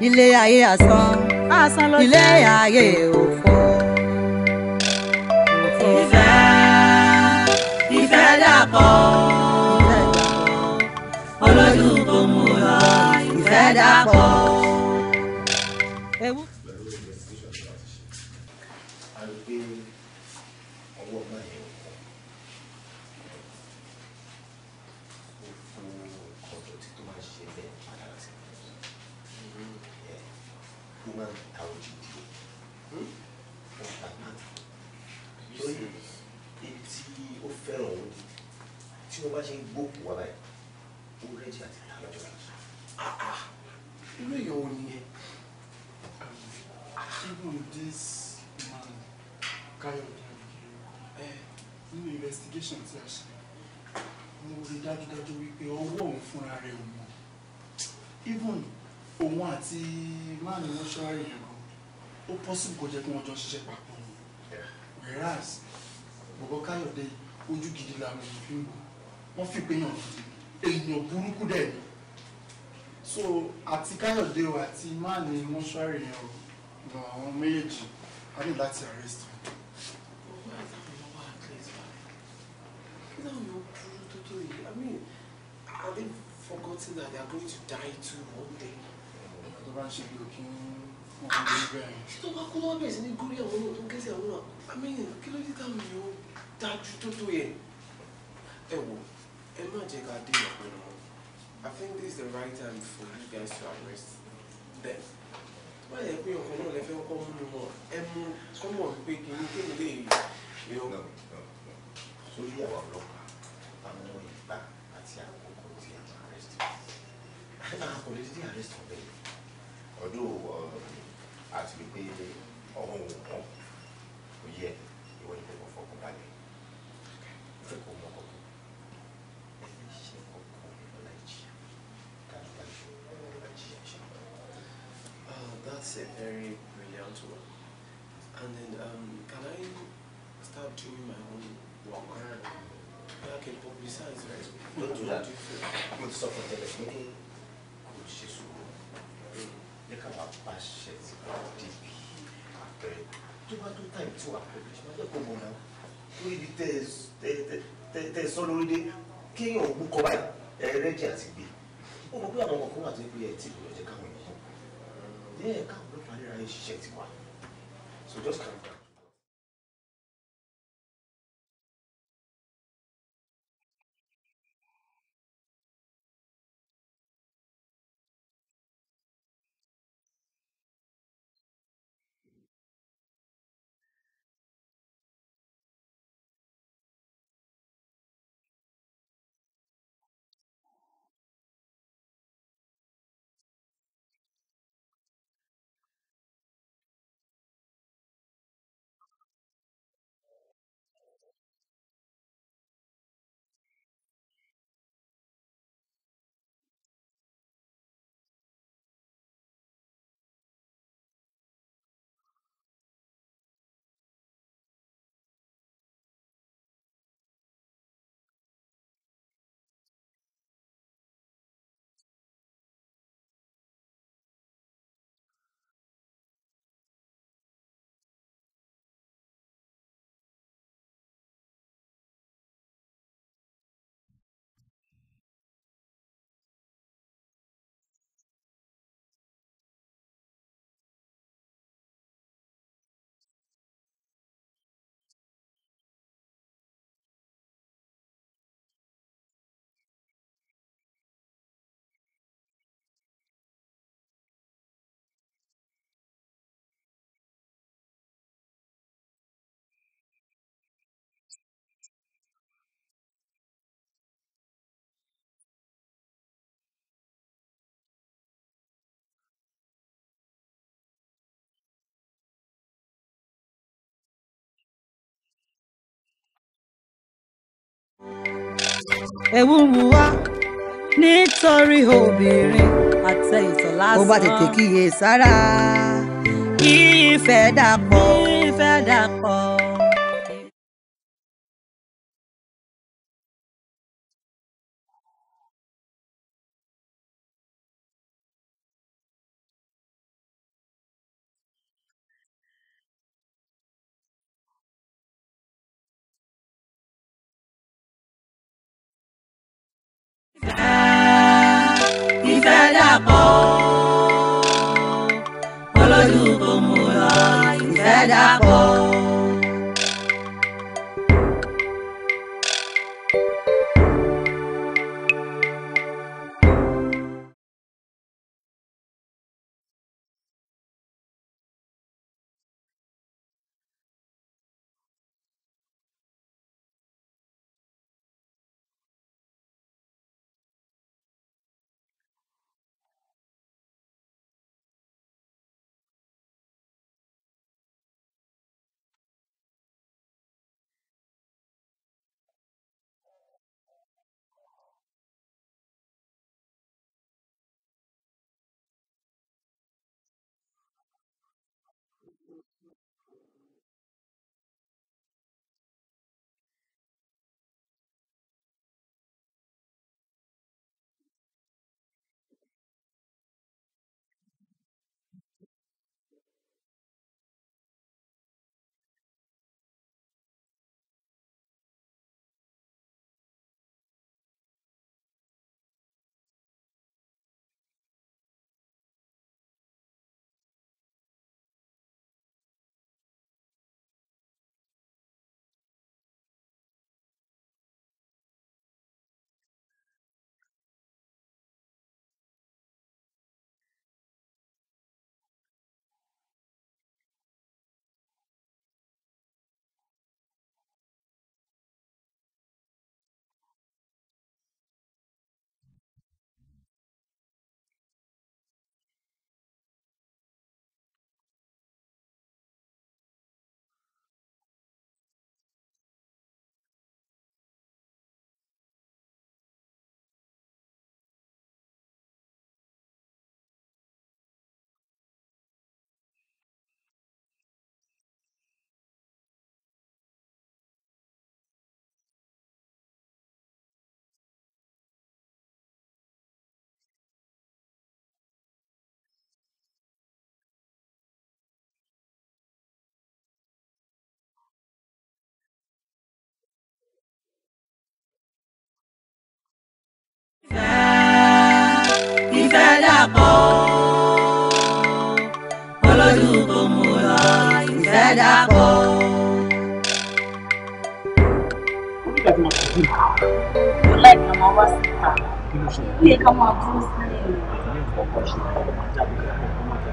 ilé ayé asán ilé ayé òfò. ìfẹ́ ìfẹ́ dàpọ̀ olójú kò mú lọ ìfẹ́ dàpọ̀. dájúdájú wípé ọwọ́ òun fúnra rẹ̀ ò mọ̀ even òun àti máàlì mọ́ṣúárì yẹn ó possible kó jẹ́ kí wọ́n jọ ṣiṣẹ́ papọ̀ ni whereas bọ̀bọ̀ káyọ̀dé ojú gidi làwọn èèyàn fi ń bọ̀ wọ́n fi pé yàn èèyàn burúkú dẹ̀ ni so àti káyọ̀dé o àti máàlì mọ́ṣúárì yẹn o lọ àwọn méjèèjì a ní láti arrest wọn. ọ̀gá àtàwọn ọmọ wa àgbẹ̀ ìfà kí náà yóò kú. I mean, are they forgotten that they are going to die too one day? Tó bá ń ṣe bí o kí I mean, kilo di dé táwọn yóò dájú tó tó yẹ? Ẹ wo, ẹ má I think this is the right time for you guys to arrest them wọ́n yẹ pé ọkọ̀ náà lè fẹ́ kọ́ mú mi mọ̀ you mú kọ́mọ̀ pé kí n no, no. lè yọ. sórí àwọn ọlọ́pàá. That's a very brilliant one. And then, um, can I start doing my own work? I can publicize, right? Don't do that. Mo ti sọ fún tẹ́lẹ̀ fún ní kò ṣe sùúrù. Ní ká máa bá ṣe ti bá débi àpẹẹrẹ. Tó bá tó táìmù tí wàá pẹ̀lú ṣe máa jẹ́ kó mọ̀ náà. Lórí ibi tẹ́ ẹ sọ lórí dé, kéèyàn ò gbúkọ báyìí, ẹ̀rẹ́dì àti gbé. Ó mọ̀ pé bẹ́ẹ̀ come. ọlọ́pàá lè ra iṣẹ́ so just calm down. ewu ń wù wá nítorí obìnrin àtẹ ìtọ̀ lásán. ó bá tètè kíyè sára kí ìfẹ́ dàpọ̀. kí ìfẹ́ dàpọ̀.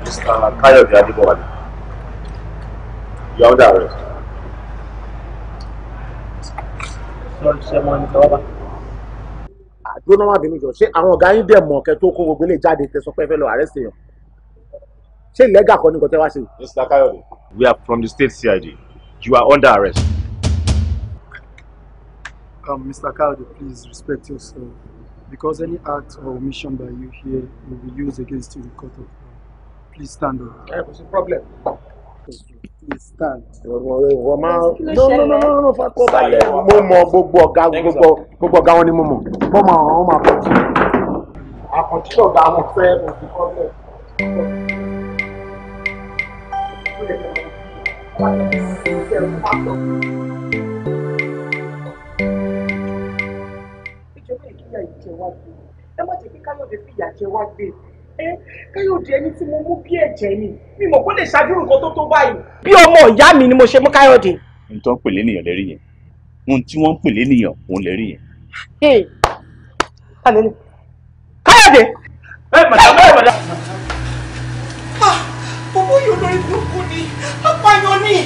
Mr. Kayode Adebowale, you are Àdúró náà wà bínú jọ, ṣé àwọn ọ̀gá yín dẹ̀ mọ̀ kẹ́ tó kó gbogbo ilé jáde tẹ sọ fẹ́ lọ arrest èèyàn? Ṣé ìlẹ́gà kan ní nǹkan ṣe? Mr. Kayode, we are from the state CID. You are under arrest. Um, Mr. Kayode, please respect yourself. Because any act or omission by you here will be used against you in court of law. Please stand up. Ẹ kò sí problem. Please stand. Wọ́n máa ń no no no no no fakọ balẹ̀. Mo mọ gbogbo ọ̀gá gbogbo gbogbo ọ̀gá wọn ni mo mọ̀. Wọ́n máa wọ́n máa pọ̀ jù. Àkàntí ọ̀gá wọn fẹ́ wọn bù ẹ má jẹ́ kí káyọ̀dé fìyà jẹ wá gbé ẹ káyọ̀dé ẹni tí mo mú bí ẹ̀jẹ̀ ni mi mọ̀ kó lè ṣáájú nǹkan tó tó báyìí. bí ọmọ ìyá mi ni mo ṣe mú káyọ̀dé. n tó ń pè lénìyàn lérí yẹn ohun tí wọ́n ń pè lénìyàn òun lérí yẹn. káyọ̀dé. ẹ màdàmú ẹ màdàmú. owó yóò lórí burúkú ni apààyàn ni.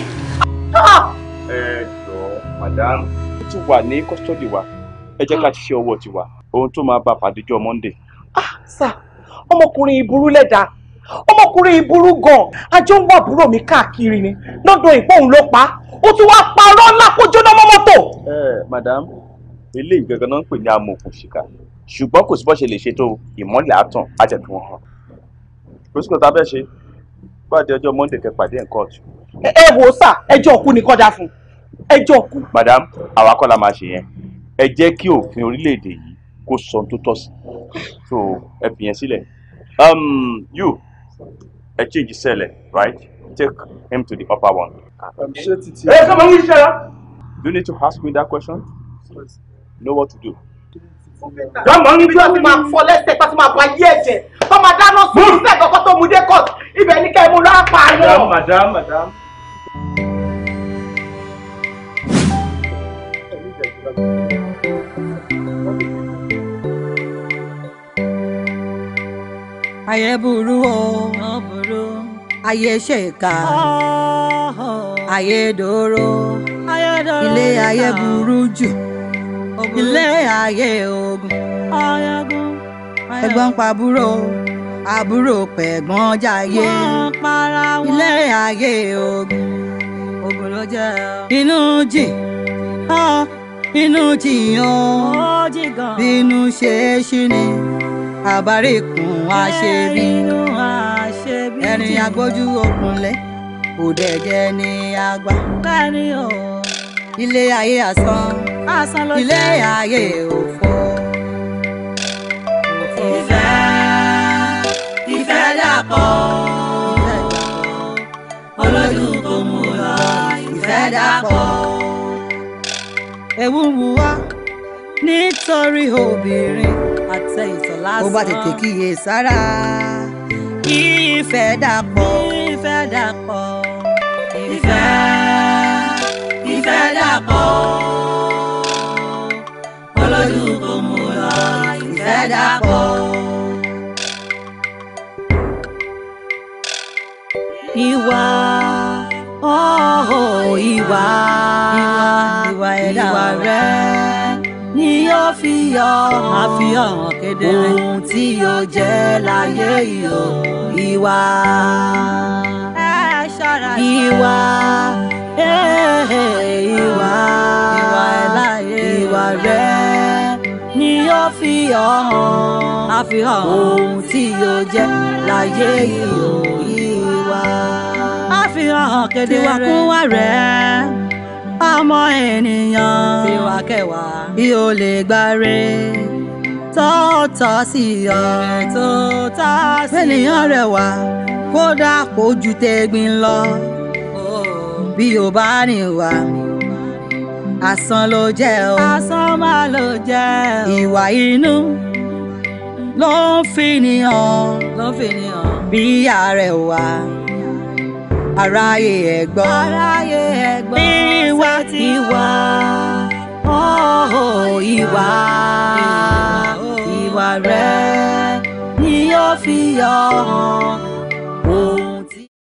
Ah! ẹ jọ màdàmú. ó ti wà ní kọ́sítọ́dì wa ẹ jẹ́ ká ti ṣe ọwọ́ tiwa ohun tó máa bá pàdéjọ monday. ah sà ọmọkùnrin ìburú lẹ́dàá ọmọkùnrin ìburú gan-an ajọ ń wà búrò mi káàkiri ni lọ́dọ̀ ìpọ́hùn ló pa ó tún wáá parọ́ ńlá kó jóná mọ́ mọ́tò. madam eléyìí gangan náà ń pè ní amòòkùnṣìkà ṣùgbọ́n kò sí bó ṣe lè ṣètò ìmọ́lẹ̀ àtàn àjẹ̀dùn hàn kò sí kò tá ṣe pàdé ọjọ́ monday kẹ pàdé ẹ̀ kóòtù. ẹ wò ó sà ẹjọ́ òkú ni kọ́dá fún ẹjọ́ òkú. madam àwa kọ́ la máa ṣe yẹn ẹ jẹ́ kí òfin orílẹ̀-èdè yìí kó sọ tó tọ́ sí so ẹ fi yẹn sílẹ̀ um you ẹ change sẹlẹ̀ right take him to the upper one. ẹ kọ́ mọ̀ ní ìṣẹ́ra. do you need to ask me that question? know what to do. Dọ́mọ̀ ní bí wọ́n ti máa fọ́ lẹ́sẹ̀ tó ti máa ba yé ẹ̀jẹ̀ tó máa dáná sí ìṣẹ́ tó mú dé court ibẹ̀ ní kẹ́ mú lọ́wọ́ pa àná. Madam, madam, madam. Thank you. ayé buru o ayé ṣèkà ayé dòrò ilé ayé burú jù ilé ayé ogun ẹ̀gbọ́n pa àbúrò àbúrò pẹ̀gbọ́n jayé ilé ayé ogun ogun ló jẹ́ inú jìn inú jìyàn bínú ṣe é ṣí ni àbárẹ̀kùn àṣebí ẹ̀rìn agbójú òkunlẹ̀ òdẹ̀jẹ̀ ni àgbà ilé ayé asán ilé ayé òfò. ìfẹ́ ìfẹ́ dàpọ̀ olójú kò mú lọ ìfẹ́ dàpọ̀. ewu ń wá nítorí obìnrin àtẹ̀yìntàn lásán. bó bá tètè kíyè sára kí ìfẹ́ dàpọ̀. ìfẹ́ dàpọ̀. ìfẹ́ ìfẹ́ dàpọ̀. olójú kò mú lọ ìfẹ́ dàpọ̀. ìwà ọ̀ọ́ oh, ìwà. àfihàn àfihàn kedere ohun tí yóò jẹ́ láyé yóò ìwà ìwà ìwà ìwà rẹ ni yóò fi hàn àfihàn ohun tí yóò jẹ́ láyé yóò ìwà àfihàn kedere ìwà kún wà rẹ ọmọ ènìyàn tiwa kẹwàá bí o lè gbáre tọ́ọ̀tọ̀ sí ọ tó tá a sí. ènìyàn rẹwà kódà kó ju tẹ́gbin lọ oh. bí o bá rìn wá asán ló jẹ́ o asán máa ló jẹ́ o ìwà inú ló ń fi ni hàn ló ń fi ni hàn bí ìyá rẹ̀ wá aráyé ẹ gbọ́ aráyé ẹ gbọ́ ìwà ìwà ìwà rẹ ni yóò fi yọ hàn.